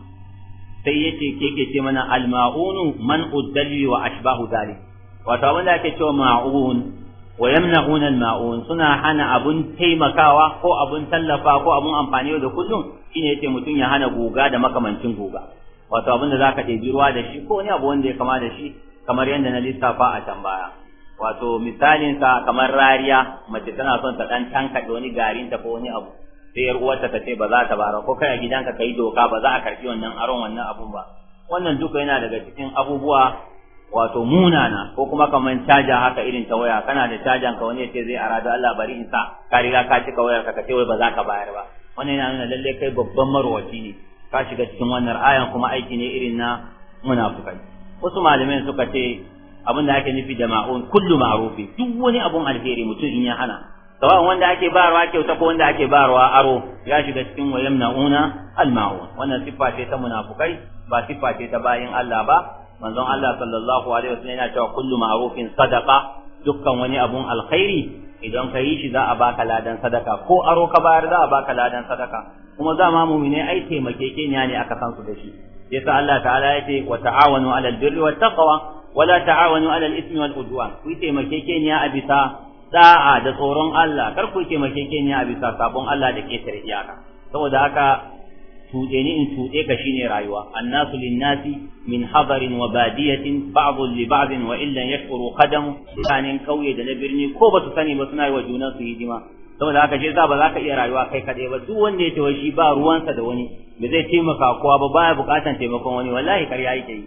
sai yace keke ce mana al-ma'unu man uddali wa ashbahu dhalik wato wanda yake cewa ma'un wa yamna'una al-ma'un suna hana abun taimakawa ko abun tallafa ko abun amfani da kullum shine yace mutum ya hana guga da makamancin guga wato abin da zaka ɗebi ruwa da shi ko ne abu wanda ya kama da shi kamar yadda na lissafa a can baya wato misalin sa kamar rariya mace tana son ta dan da wani garin ta ko wani abu sai yar uwarta ta ce ba za ta bara ko kai a gidanka kai doka ba za a karbi wannan aron wannan abun ba wannan duka yana daga cikin abubuwa wato munana ko kuma kamar caja haka irin ta waya kana da cajan ka wani ya ce zai arada Allah bari in sa ka riga ka cika wayar ka ce wai ba za ka bayar ba wannan yana nuna lalle kai babban marwaci ne ka shiga cikin wannan ayan kuma aiki ne irin na munafukai wasu malamai suka ce abin da ake nufi da ma'un kullu ma'rufi duk wani abun alheri mutum in ya hana sawa wanda ake bayarwa kyauta ko wanda ake bayarwa aro ya shiga cikin wayamna'una al-ma'un wannan siffa ce ta munafukai ba siffa ce ta bayin Allah ba manzon Allah sallallahu alaihi wasallam yana cewa kullu ma'rufin sadaqa dukkan wani abun alkhairi idan ka yi shi za a baka ladan sadaka ko aro ka bayar za a baka ladan sadaka kuma za ma mu'mine ai taimakekeniya ne aka san su da shi yasa Allah ta'ala ya ce wa ta'awanu 'alal birri wat taqwa wa la ta'awanu 'alal ismi wal udwan ku taimakekeniya a bisa da'a da tsoron Allah kar ku taimakekeniya a bisa sabon Allah da ketare iyaka saboda haka tuɗe ni in tuɗe ka shine rayuwa annasu linnasi min hadarin wa badiyatin ba'dhu li ba'dhin wa illan yashkuru qadamu tsakanin kauye da na birni ko ba su sani ba suna yi wa juna su hidima saboda haka shi ba za ka iya rayuwa kai kaɗai ba duk wanda ya tawashi ba ruwansa da wani ba zai taimaka kowa ba baya buƙatar taimakon wani wallahi karya ta yi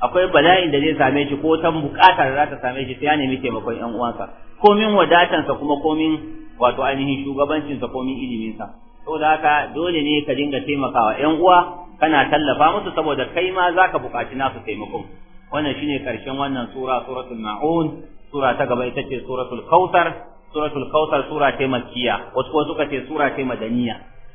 akwai bala'in da zai same shi ko ta buƙatar za ta same shi sai ya nemi taimakon ƴan uwansa komin wadatansa kuma komin wato ainihin shugabancinsa komin iliminsa saboda haka dole ne ka dinga taimakawa ƴan uwa kana tallafa musu saboda kai ma zaka buƙaci nasu taimakon wannan shine ƙarshen wannan sura suratul maun sura ta gaba ita ce suratul kautar suratul kautar sura ce makkiya wasu ko suka ce sura ce madaniya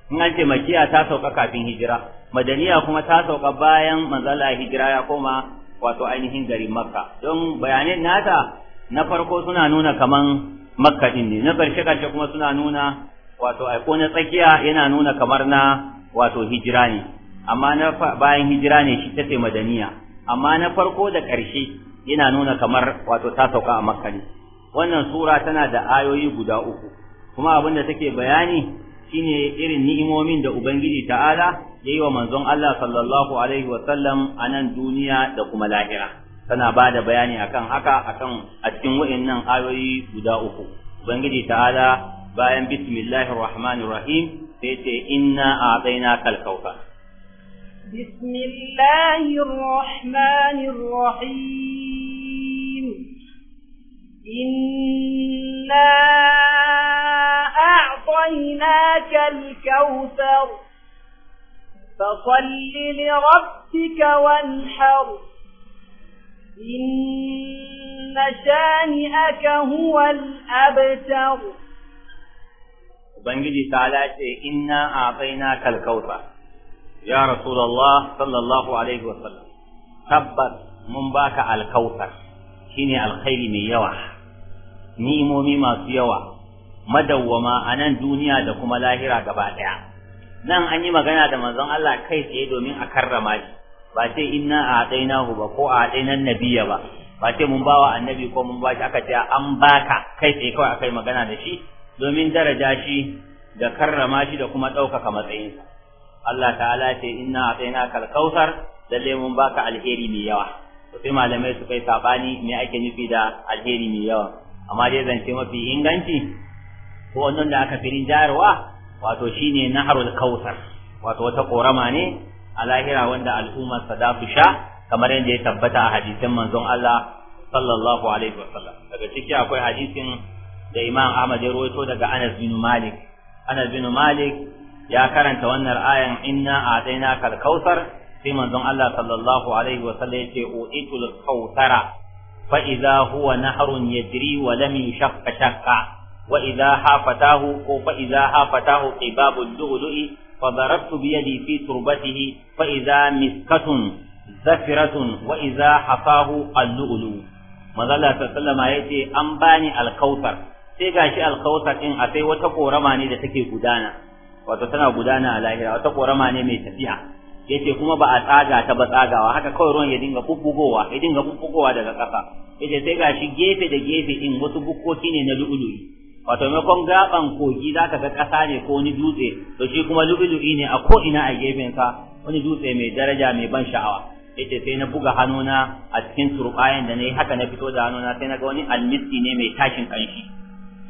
in an ce makkiya ta sauka kafin hijira madaniya kuma ta sauka bayan manzala hijira ya koma wato ainihin gari makka don bayanin nata na farko suna nuna kaman makka din ne na ƙarshe ƙarshe kuma suna nuna wato aiko na tsakiya yana nuna kamar na wato hijira ne amma na bayan hijira ne shi ta madaniya amma na farko da ƙarshe yana nuna kamar wato ta sauka a makka ne wannan sura tana da ayoyi guda uku kuma abin da take bayani shine irin ni'imomin da ubangiji ta'ala ya yi wa manzon Allah sallallahu alaihi wa sallam a nan duniya da kuma lahira tana ba da bayani akan haka akan a cikin wa'annan ayoyi guda uku ubangiji ta'ala bayan bismillahir rahmanir rahim sai ce inna a'tainaka al-kautsar bismillahir rahmanir rahim inna a'tainaka al-kautsar فصل لربك وانحر إن شانئك هو الأبتر ubangiji ta ce inna a kal kautsar ya rasulallah sallallahu alaihi wa sallam tabbas mun baka alkautar shine alkhairi mai yawa nimomi masu yawa madawwama a nan duniya da kuma lahira gaba ɗaya. nan an yi magana da manzon Allah kai tsaye domin a karrama shi ba ce inna a hu ba ko a dainan nabiya ba ba ce mun bawa annabi ko mun shi aka ce an baka kai tsaye kawai akai magana da shi domin daraja shi da karrama shi da kuma ɗaukaka matsayinsa Allah ta'ala ce inna atayna kal kautsar lalle mun baka alheri mai yawa to sai malamai su kai sabani me ake nufi da alheri mai yawa amma dai zance mafi inganci ko wannan da aka firin jarwa wato shine naharul kautsar wato wata korama ne a lahira wanda al'ummar sa da su sha kamar yadda ya tabbata a hadisin manzon Allah sallallahu alaihi wasallam daga ciki akwai hadisin da Imam Ahmad ya rawaito daga Anas bin Malik Anas bin Malik ya karanta wannan ayan inna a'taina kal kautsar sai manzon Allah sallallahu alaihi wa sallam yace uitul kautsara fa idza huwa nahrun yajri wa lam yashaqqa shaqqa wa idza hafatahu ko fa hafatahu qibabul lu'lu'i fa darabtu bi yadi fi turbatihi fa miskatun zafiratun wa idza hafahu al-lu'lu' manzon Allah sallallahu alaihi wa sallam yace an bani al-kautsar sai gashi alkautar din a sai wata korama ne da take gudana wato tana gudana a lahira wata korama ne mai tafiya yace kuma ba a tsaga ta ba tsagawa haka kawai ruwan ya dinga bubbugowa ya dinga bubbugowa daga kasa yace sai gashi gefe da gefe din wasu bukkoki ne na lu'ulu'i wato maimakon gaban kogi zaka ga kasa ne ko ni dutse to shi kuma lu'ulu'i ne a ko ina a gefen sa wani dutse mai daraja mai ban sha'awa yace sai na buga hannuna a cikin turbayan da nayi haka na fito da hannuna sai na ga wani almisti ne mai tashin kanshi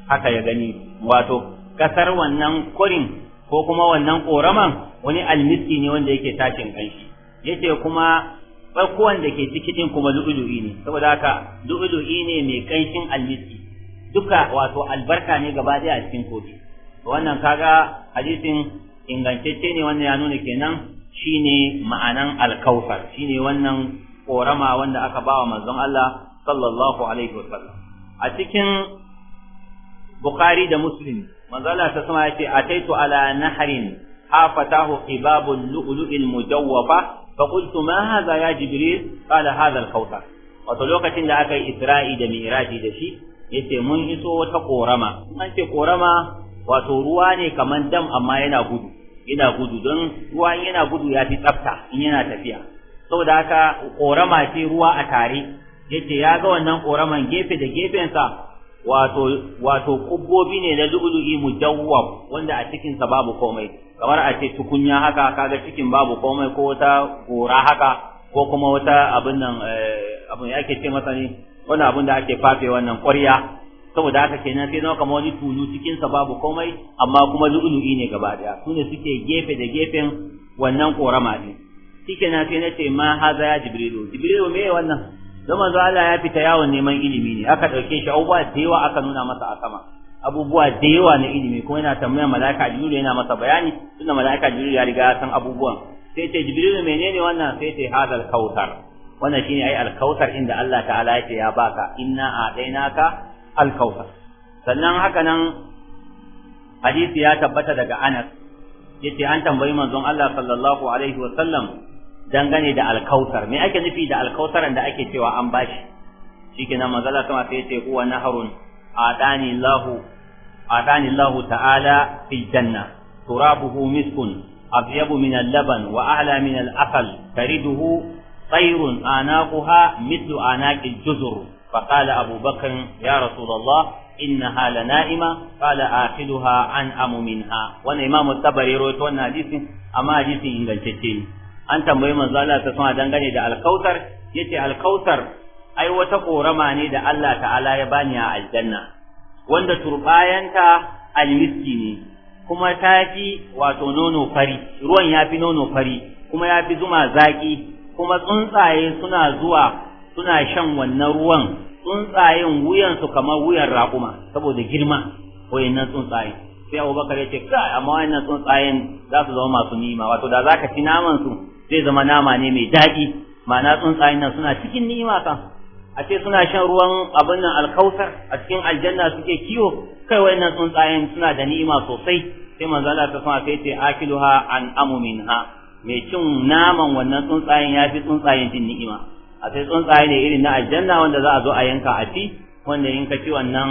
haka ya gani wato kasar wannan kurin ko kuma wannan ƙoraman wani almiski ne wanda yake tashin kanshi yace kuma barkuwan da ke cikin kuma lu'ulu'i ne saboda haka lu'ulu'i ne mai kanshin almiski duka wato albarka ne gaba daya a cikin kofi wannan kaga hadisin ingantacce ne wanda ya nuna kenan shine ma'anan alkausar shine wannan ƙorama wanda aka bawa manzon Allah sallallahu alaihi wasallam a cikin bukhari da muslim manzala ta sama yace ataitu ala nahrin hafatahu qibabul lu'lu'il mujawwafa fa qultu ma hadha ya jibril qala hadha al wato lokacin da aka yi isra'i da mi'raji da shi yace mun iso wata korama an ce korama wato ruwa ne kaman dam amma yana gudu yana gudu don ruwa yana gudu ya fi tsafta in yana tafiya saboda haka korama ce ruwa a tare yace ya ga wannan koraman gefe da gefensa wato wato kubbobi ne na lu'lu'i mujawwab wanda a cikin sa babu komai kamar a ce tukunya haka kaga cikin babu komai ko wata gora haka ko kuma wata abin nan eh, abin ya ake ce masa ne wannan abin da ake fafe wannan ƙwarya saboda haka kenan sai zama kamar wani tulu cikin sa babu komai amma kuma lu'lu'i ne gaba daya sune suke gefe da gefen wannan ƙorama ne shikenan sai na ce ma haza ya jibrilu jibrilu me wannan don manzo Allah ya fita yawon neman ilimi ne aka ɗauke shi abubuwa da yawa aka nuna masa a sama abubuwa da yawa na ilimi kuma yana tambayar mala'ika jibril yana masa bayani tunda mala'ika jibril ya riga ya san abubuwan sai ce jibril menene wannan sai ce hadal kautar wannan shine ai alkautar inda Allah ta'ala yake ya baka inna adainaka alkautar sannan haka nan hadisi ya tabbata daga Anas yace an tambayi manzon Allah sallallahu alaihi wa sallam dangane da alkautar me ake nufi da alkautaran da ake cewa an bashi shikenan manzala kuma sai yace huwa naharun adani lahu adani lahu ta'ala fi janna turabuhu miskun abyabu min al-laban wa a'la min al-aqal tariduhu tayrun anaquha mithlu anaqi al-juzur fa qala abu bakr ya rasulullah innaha lanaima qala akhiduha an amu minha wa imam at-tabari rawaytu an hadithin amma hadithin ingantacce ne an tambayi manzo Allah ta sama dangane da alkautar yace alkautar ai wata korama ne da Allah ta'ala ya bani a aljanna wanda turbayanta almiski ne kuma tafi wato nono fari ruwan ya fi nono fari kuma ya fi zuma zaki kuma tsuntsaye suna zuwa suna shan wannan ruwan tsuntsayen wuyansu kamar wuyan raƙuma saboda girma wayannan tsuntsaye sai abubakar ya ce kai amma wannan tsuntsayen za su zama masu nima wato da za ka ci naman su zai zama nama ne mai daɗi ma'ana tsuntsayen nan suna cikin ni'ima kan a ce suna shan ruwan abin nan alkausar a cikin aljanna suke kiwo kai wannan tsuntsayen suna da ni'ima sosai sai manzo Allah ta sama sai ce akiluha an amu minha mai cin naman wannan tsuntsayen ya fi tsuntsayen jin ni'ima a sai tsuntsaye ne irin na aljanna wanda za a zo a yanka a fi, wanda in ka ci wannan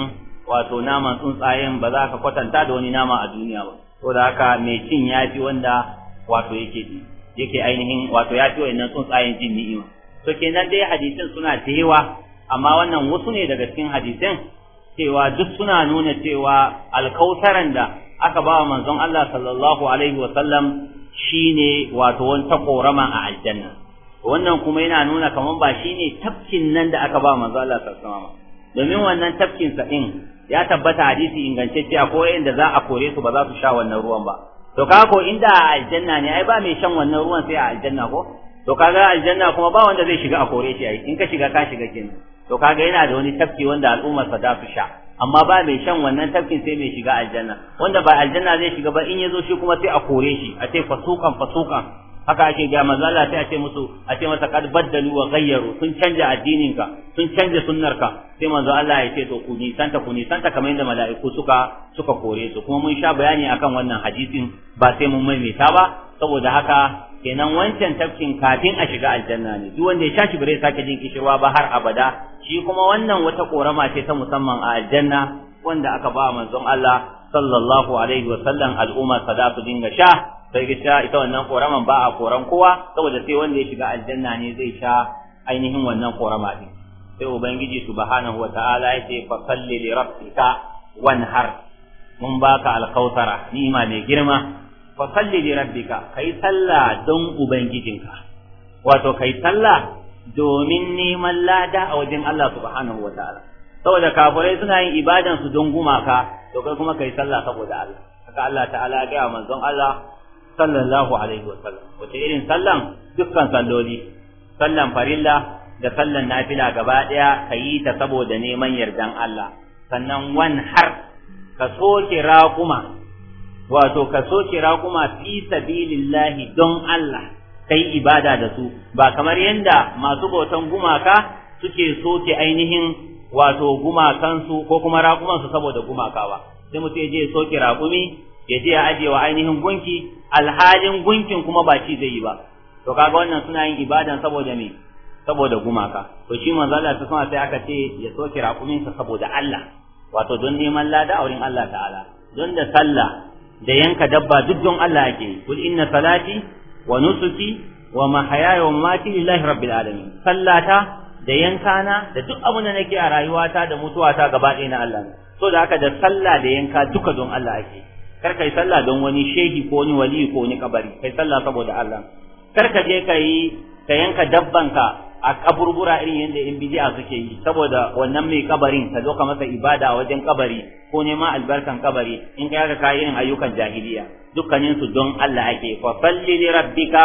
wato naman tsuntsayen ba za ka kwatanta da wani nama a duniya ba saboda haka mai cin ya fi wanda wato yake ji yake ainihin wato ya fi wa'annan tsuntsayen jin ni'ima to kenan dai hadisin suna da yawa amma wannan wasu ne daga cikin hadisin cewa duk suna nuna cewa alkautaran da aka ba wa manzon Allah sallallahu alaihi wa sallam shine wato wani takorama a aljanna wannan kuma yana nuna kaman ba shine tafkin nan da aka ba manzon Allah sallallahu alaihi wa sallam domin wannan tafkin sa din ya tabbata hadisi ingantacce a koyi inda za a kore su ba za su sha wannan ruwan ba to kaga ko inda a aljanna ne ai ba mai shan wannan ruwan sai a aljanna ko to kaga aljanna kuma ba wanda zai shiga a kore shi ai in ka shiga ka shiga kin to kaga yana da wani tafki wanda al'ummar sa za su sha amma ba mai shan wannan tafkin sai mai shiga aljanna wanda ba aljanna zai shiga ba in yazo shi kuma sai a kore shi a ce fasukan fasukan haka ake ga manzo Allah sai a ce musu a ce masa kad baddalu wa ghayyaru sun canja addinin ka sun canja sunnar ka sai manzo Allah ya ce to ku ni santa ku ni santa kamar yadda mala'iku suka suka kore su kuma mun sha bayani akan wannan hadisin ba sai mun maimaita ba saboda haka kenan wancan tafkin kafin a shiga aljanna ne duk wanda ya sha shi bare sake jin kishirwa ba har abada shi kuma wannan wata korama ce ta musamman a aljanna wanda aka ba manzon Allah sallallahu alaihi wa sallam al'umma sadatu dinga sha sai ga sha ita wannan koraman ba a koran kowa saboda sai wanda ya shiga aljanna ne zai sha ainihin wannan korama din sai ubangiji subhanahu wataala ya ce fa salli li rabbika wanhar mun baka alkautara nima mai girma fa salli li rabbika kai sallah don ubangijinka wato kai sallah domin neman lada a wajen Allah subhanahu wataala saboda kafirai suna yin ibadan su don gumaka to kai kuma kai sallah saboda Allah haka Allah ta'ala ya ga manzon Allah sallallahu alaihi wa sallam wace irin sallan dukkan salloli sallan farilla da sallan nafila gaba daya kayi ta saboda neman yardan Allah sannan wan har ka soke raquma wato ka soke raquma fi sabilillahi don Allah kai ibada da su ba kamar yanda masu bautan gumaka suke soke ainihin wato gumakansu ko kuma raƙumansu saboda gumakawa. sai mutum ya je soke raƙumi ya je ya ajiye wa ainihin gunki alhalin gunkin kuma ba ci zai yi ba to kaga wannan suna yin ibadan saboda me saboda gumaka to shi manzo Allah ta sai aka ce ya soke raƙumin sa saboda Allah wato don neman lada a wurin Allah ta'ala don da sallah da yanka dabba duk don Allah yake kul inna salati wa nusuki wa mahayaya wa mamati lillahi rabbil alamin sallata da yanka na da duk abin da nake a rayuwata da mutuwata gaba ɗaya na Allah so da haka da sallah da yanka duka don Allah ake kar ka yi sallah don wani shehi ko wani wali ko wani kabari kai sallah saboda Allah kar ka je kai ka yanka dabbanka a kaburbura irin yadda in bidi'a suke yi saboda wannan mai kabarin ka zo ka masa ibada a wajen kabari ko nema albarkan kabari in ka yaka kayan irin ayyukan jahiliya dukkanin su don Allah ake fa salli li rabbika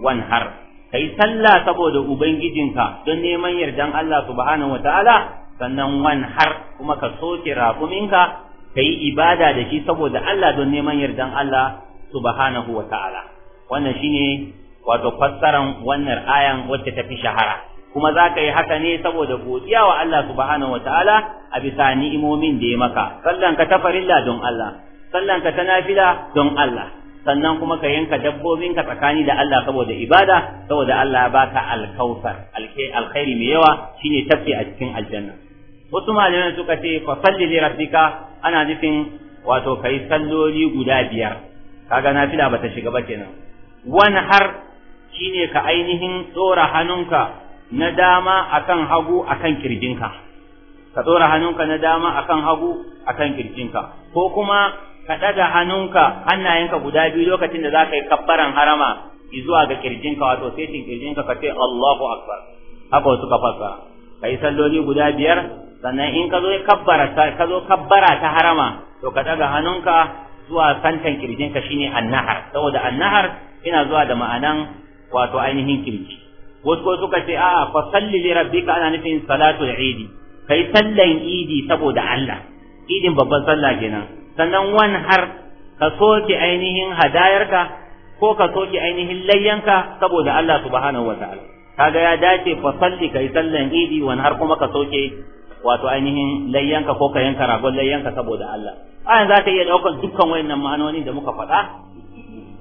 wanhar kai sallah saboda ubangijinka don neman yardan Allah subhanahu wataala sannan wanhar kuma ka soke rakuminka kai ibada da shi saboda Allah don neman yardan Allah subhanahu wa ta'ala wannan shine wato fassaran wannan ayan wacce ta fi shahara kuma za ka yi haka ne saboda godiya wa Allah subhanahu wa ta'ala a bisa ni'imomin da ya maka Sallanka ta farilla don Allah sallanka ta nafila don Allah sannan kuma ka yanka dabbobin ka tsakani da Allah saboda ibada saboda Allah ya baka alkausar alkhairi mai yawa shine tafi a cikin aljanna wasu malamai suka ce fa salli li rabbika ana nufin wato kai salloli guda biyar kaga nafila bata shiga ba kenan wani har shine ka ainihin tsora hannunka na dama akan hagu akan kirjinka ka tsora hannunka na dama akan hagu akan kirjinka ko kuma ka ɗaga hannunka hannayenka guda biyu lokacin da za ka yi kabbaran harama zuwa ga kirjinka wato setin kirjinka ka ce Allahu Akbar haka wasu ka ka yi salloli guda biyar sannan in ka zo kabbara ka zo kabbara ta harama to ka daga hannunka zuwa santan ka shine annahar saboda annahar ina zuwa da ma'anan wato ainihin kirji wasu suka ce a'a fa salli li rabbika ana nufin salatul idi kai sallan idi saboda Allah idin babban sallah kenan sannan wan har ka soke ainihin hadayarka ko ka soke ainihin layyanka saboda Allah subhanahu wataala kaga ya dace fa salli kai sallan idi wan har kuma ka soke wato ainihin layyanka ko ka yanka ragon layyanka saboda Allah A yanzu za ta iya ɗaukar dukkan wayannan ma'anoni da muka faɗa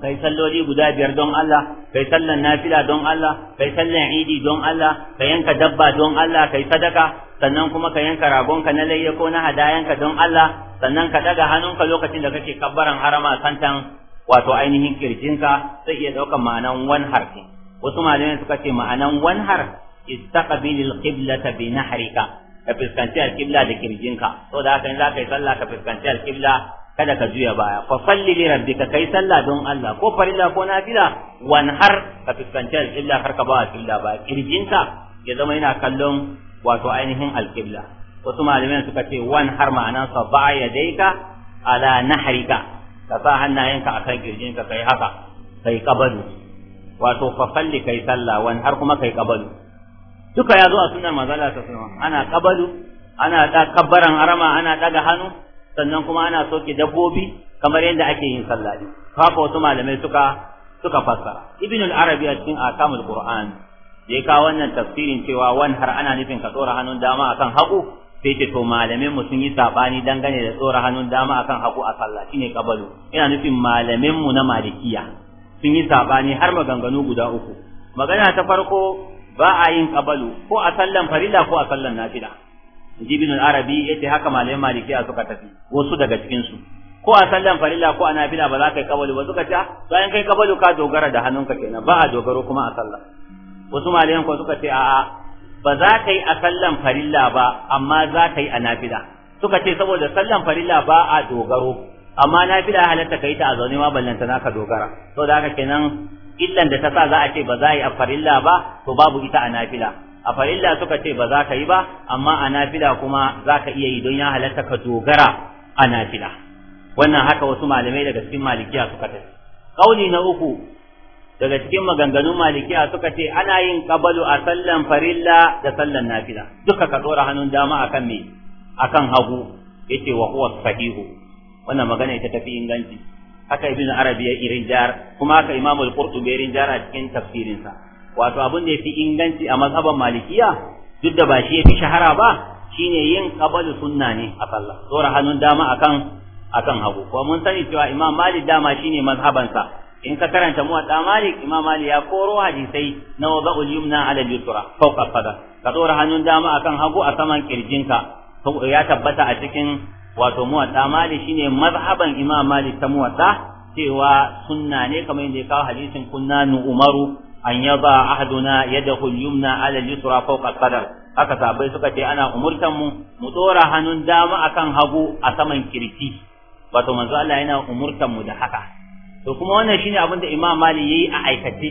kai salloli guda biyar don Allah kai sallan nafila don Allah kai sallan idi don Allah ka yanka dabba don Allah kai sadaka sannan kuma ka yanka ragonka na layya ko na hadayanka don Allah sannan ka daga hannunka lokacin da kake kabbaran harama santan wato ainihin kirjinka sai iya ɗaukar ma'anan wan harfi wasu malamai suka ce ma'anan wan har istaqbilil qiblata bi nahrika ka fuskanci alƙibla da kirjinka saboda haka in za ka yi sallah ka fuskanci alƙibla kada ka juya baya fa salli li rabbika kai sallah don Allah ko farilla ko nafila wanhar ka fuskanci alƙibla har ka ba alƙibla baya, kirjinka ya zama yana kallon wato ainihin alƙibla wasu malamai suka ce wanhar ma'anansa ba ya daika ala nahrika ka sa hannayenka akan kirjinka kai haka kai kabalu wato fa salli kai sallah wanhar kuma kai kabalu duka ya zo a sunnar mazala ta suna. ana kabalu ana da kabbaran arama, ana daga hannu sannan kuma ana soke dabbobi kamar yadda ake yin sallah din haka wasu malamai suka suka fassara ibn arabi a cikin akamul qur'an da ya wannan tafsirin cewa wan har ana nufin ka tsora hannun dama akan hagu sai ce to malamai mu sun yi sabani dangane da tsora hannun dama akan hagu a sallah shine kabalu ina nufin malamin mu na malikiya sun yi sabani har maganganu guda uku magana ta farko ba a yin kabalu ko a sallan farilla ko a sallan nafila ibn arabi yace haka malamin malikiya suka tafi wasu daga cikin su ko a sallan farilla ko a nafila ba za ka yi kabalu ba suka ce to ah, in kai kabalu ka dogara da hannunka kenan ba a dogaro kuma a sallah wasu malamin ko suka ce a'a ba za ka yi a sallan farilla ba amma za ka yi a nafila suka ce saboda sallan farilla ba a dogaro amma nafila halatta ka yi ta a zaune ma ballanta naka dogara to da haka kenan illan da ta sa za a ce ba za a yi a farilla ba to babu ita a nafila a farilla suka ce ba za ka yi ba amma a nafila kuma za ka iya yi don ya halatta ka dogara a nafila wannan haka wasu malamai daga cikin malikiya suka ce. kauli na uku daga cikin maganganun malikiya suka ce ana yin kabalu a sallan farilla da sallan nafila duka ka tsora hannun dama akan me akan hagu yace wa huwa sahihu wannan magana ita tafi inganci haka ibn Arabiya ya irin jar kuma haka imam al-qurtubi irin jar a cikin sa wato abin da yafi inganci a mazhaban malikiya duk da ba shi yafi shahara ba shine yin qabalu sunna ne a Allah dora hannun dama akan akan hagu kuma mun sani cewa imam malik dama shine sa in ka karanta mu da malik imam malik ya koro hadisai na wada'ul yumna ala al-yusra fawqa qada ka dora hannun dama akan hagu a saman kirjinka ya tabbata a cikin wato muwatta mali shine mazhaban imam mali ta muwatta cewa sunna ne kamar yadda ya kawo hadisin kunna nu umaru an yaba ahaduna yadahu yumna ala al-yusra fawqa al-qadar aka sabai suka ce ana umurtan mu mu dora hannun dama akan hagu a saman kirki wato manzo Allah yana umurtan mu da haka to kuma wannan shine abin da Imam ya yayi a aikace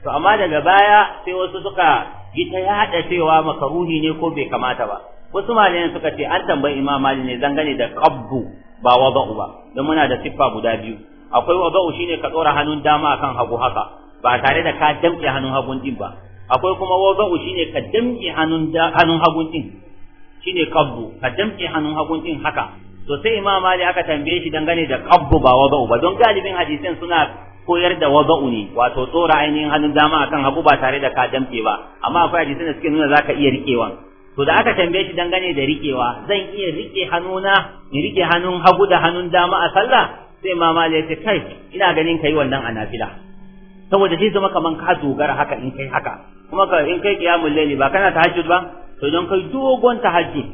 to amma daga baya sai wasu suka yi ta yada cewa makaruhi ne ko bai kamata ba wasu malamai suka ce an tambayi imam malik ne dangane da qabbu ba wada'u ba don muna da siffa guda biyu akwai wada'u shine ka dora hannun dama akan hagu haka ba tare da ka damke hannun hagun din ba akwai kuma wada'u shine ka damke hannun hannun hagun din shine qabbu ka damke hannun hagun din haka to sai imam mali aka tambaye shi dangane da qabbu ba wada'u ba don galibin hadisin suna koyar da wada'u ne wato tsora ainihin hannun dama akan hagu ba tare da ka damke ba amma akwai hadisin da suke nuna zaka iya riƙewa to da aka tambaye shi dangane da rikewa zan iya rike hannuna in rike hannun hagu da hannun dama a sallah sai mama ya ce kai ina ganin kai wannan a nafila saboda shi zama kaman ka dogara haka in kai haka kuma ka in kai qiyamul layli ba kana tahajjud ba to don kai dogon tahajjud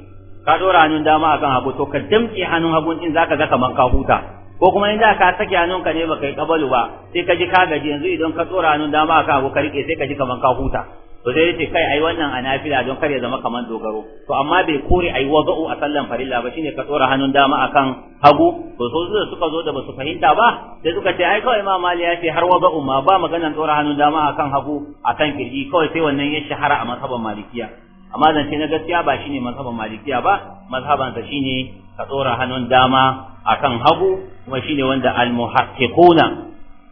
ka dora hannun dama akan hagu to ka damke hannun hagu in zaka ga kaman ka huta ko kuma in da ka sake ka ne baka yi kabalu ba sai ka ji ka gaji yanzu idan ka tsora hannun dama akan hagu ka rike sai ka ji kaman ka huta to sai yace kai ai wannan a don kar ya zama kamar dogaro to amma bai kore ai wada'u a sallan farilla ba shine ka tsora hannun dama akan hagu to so da suka zo da basu fahimta ba sai suka ce ai kawai ma mali ya ce har wada'u ma ba maganan tsora hannun dama akan hagu akan kirji kawai sai wannan ya shahara a mazhaban malikiya amma zance na gaskiya ba shine mazhaban malikiya ba mazhaban sa shine ka tsora hannun dama akan hagu kuma shine wanda al-muhaqqiquna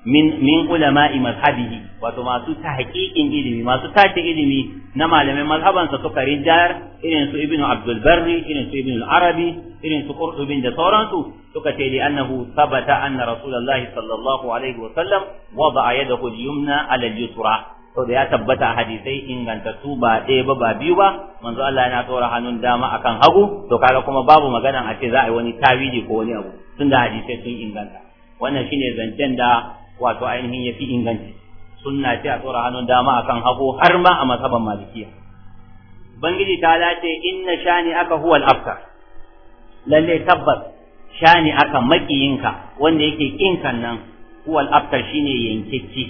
min min ulama'i mazhabihi wato masu haƙiƙin ilimi masu tashin ilimi na malamai mazhabansa suka rinjar irin su ibnu abdul barri irin su ibnu arabi irin su qurtubin da sauransu suka ce li annahu sabata anna rasulullahi sallallahu alaihi wa sallam wada'a yadahu al-yumna ala al-yusra to da ya tabbata hadisai ingantattu ba ɗaya ba ba biyu ba manzo Allah yana tsora hannun dama akan hagu to kaga kuma babu magana a ce za a yi wani tawili ko wani abu tunda hadisai sun inganta wannan shine zancen da wato ainihin yafi inganci sunna ce a tsora hannun dama akan hagu har ma a masaban malikiya bangiji ta lace inna shani aka huwal afka lalle tabbas shani aka makiyinka wanda yake kinkan nan huwal afka shine yankicci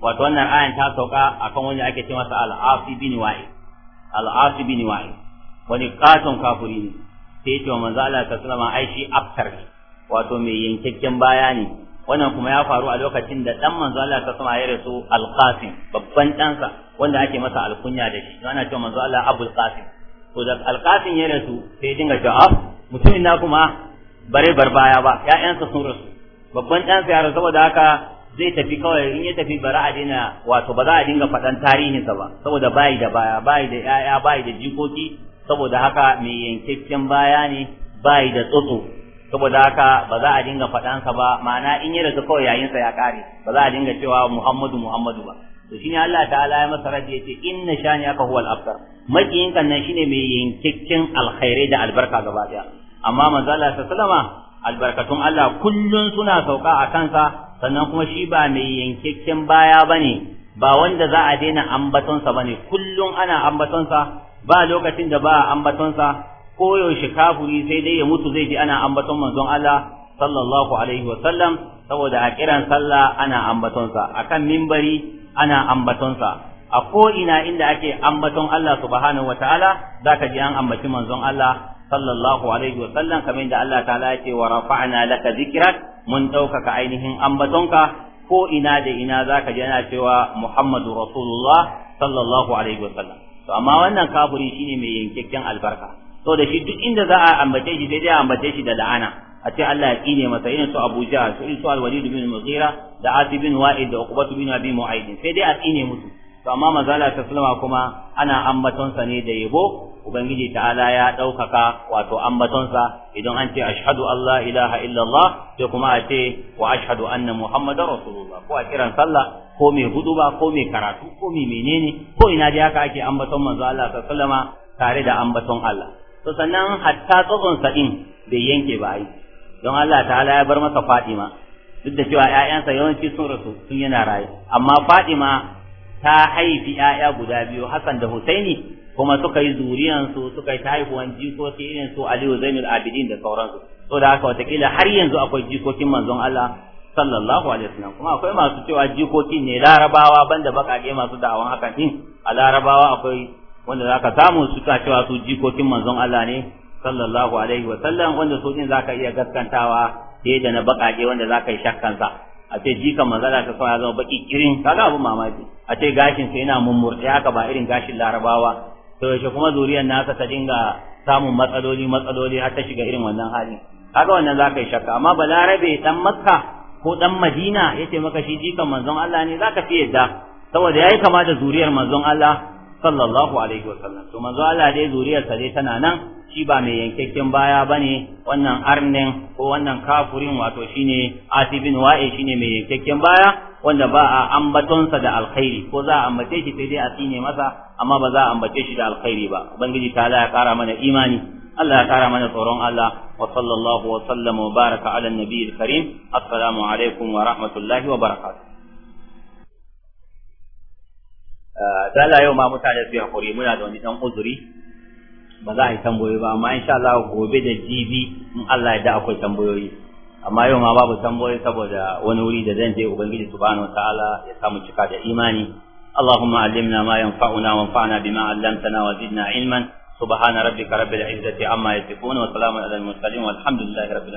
wato wannan ayan ta sauka akan wanda ake ce masa al-afi bin wa'i al-afi bin wa'i wani katon kafuri ne sai ya ce wa manzo Allah ta sallama ai shi afkar wato mai yankakken baya ne wannan kuma ya faru a lokacin da dan manzo Allah ta sama ya rasu al-Qasim babban ɗansa wanda ake masa alkunya da shi ana cewa manzo Allah Abul Qasim to da al-Qasim ya rasu sai dinga ja'a ah, mutumin na kuma bare bar baya ba ƴaƴansa sun rasu babban ɗansa ya rasu saboda haka zai tafi kawai in ya tafi bara a dina wato ba za a dinga faɗan tarihinsa ba saboda bayi da baya bayi da ƴaƴa bayi da jikoki saboda haka mai yankakken baya ne bayi da tsotso saboda haka ba za a dinga faɗansa ba ma'ana in yi rasu kawai yayinsa ya ƙare ba za a dinga cewa muhammadu muhammadu ba to shine Allah ta'ala ya masa raji ce inna shani aka huwa al-aftar makiyin kan shine mai yankakken alkhairai da albarka gaba daya amma manzo Allah sallama albarkatun Allah kullun suna sauka a kansa sannan kuma shi ba mai yankakken baya bane ba wanda za a daina ambatonsa bane kullun ana ambatansa ba lokacin da ba ambatansa. koyaushe kafuri sai dai ya mutu zai ji ana ambaton manzon Allah sallallahu alaihi wasallam saboda a kiran sallah ana ambatonsa akan mimbari ana ambatonsa a ko ina inda ake ambaton Allah subhanahu wataala zaka ji an ambaci manzon Allah sallallahu alaihi wa sallam kamar da Allah ta'ala yake wa rafa'na laka zikrak mun ɗaukaka ainihin ambatanka ko ina da ina zaka ji ana cewa Muhammadu Rasulullah sallallahu alaihi wa sallam to amma wannan kafuri shine mai yankakken albarka to da shi duk inda za a ambace shi sai dai a ambace shi da la'ana a ce Allah ya kine masa irin su Abu Jahl su irin su Al-Walid bin Mughira da Atib bin Wa'id da Uqbah bin Abi Mu'ayd sai dai a kine musu to amma manzala ta sallama kuma ana ambatonsa ne da yabo ubangiji ta'ala ya ɗaukaka wato ambatonsa idan an ce ashhadu Allah ilaha illallah sai kuma a ce wa ashhadu anna muhammadar rasulullah ko a kiran sallah ko mai huduba ko mai karatu ko mai menene ko ina dai haka ake ambaton manzo Allah ta sallama tare da ambaton Allah to sannan hatta tsogon sa'in bai yanke ba ai don Allah ta'ala ya bar masa Fatima duk da cewa ƴaƴansa yawanci sun rasu sun yana raye amma Fatima ta haifi ƴaƴa guda biyu Hassan da Husaini kuma suka yi su suka yi ta haihuwan jikoki irin su Aliyu Zainul Abidin da sauransu to da haka watakila har yanzu akwai jikokin manzon Allah sallallahu alaihi wasallam kuma akwai masu cewa jikoki ne larabawa banda bakake masu da'awan hakan din a larabawa akwai wanda za ka samu su ta cewa su jikokin manzon Allah ne sallallahu alaihi wa sallam wanda su din ka iya gaskantawa sai da na baƙaƙe wanda ka yi shakkan a ce jika ka ta ya zama baki kirin kaga abu mamaki a ce gashin sai yana mummurta haka ba irin gashin larabawa to yaushe kuma zuriyar nasa ta dinga samun matsaloli matsaloli har ta shiga irin wannan hali kaga wannan za ka yi shakka amma balarabe dan makka ko dan Madina ya ce maka shi jikan manzon Allah ne Za ka fi yadda saboda yayi kama da zuriyar manzon Allah sallallahu alaihi wasallam to manzo Allah dai sa dai tana nan shi ba mai yankakken baya bane wannan arnen ko wannan kafurin wato shine atibin wa'i shine mai yankakken baya wanda ba a ambatonsa da alkhairi ko za a ambace shi sai dai a tsine masa amma ba za a ambace shi da alkhairi ba ubangiji ta Allah ya kara mana imani Allah ya kara mana tsoron Allah wa sallallahu wa sallama wa baraka ala nabiyil karim assalamu alaikum wa rahmatullahi wa barakatuh Eh, dala yau ma mutane su hakuri muna da wani dan uzuri ba za a yi tambayoyi ba amma insha Allah gobe da jibi in Allah ya da akwai tambayoyi amma yau ma babu tambayoyi saboda wani wuri da zan je ubangiji subhanahu wataala ya samu cika da imani اللهم علمنا ما ينفعنا na بما علمتنا وزدنا علما سبحان ربك رب العزة عما يصفون wa على المرسلين والحمد لله رب العالمين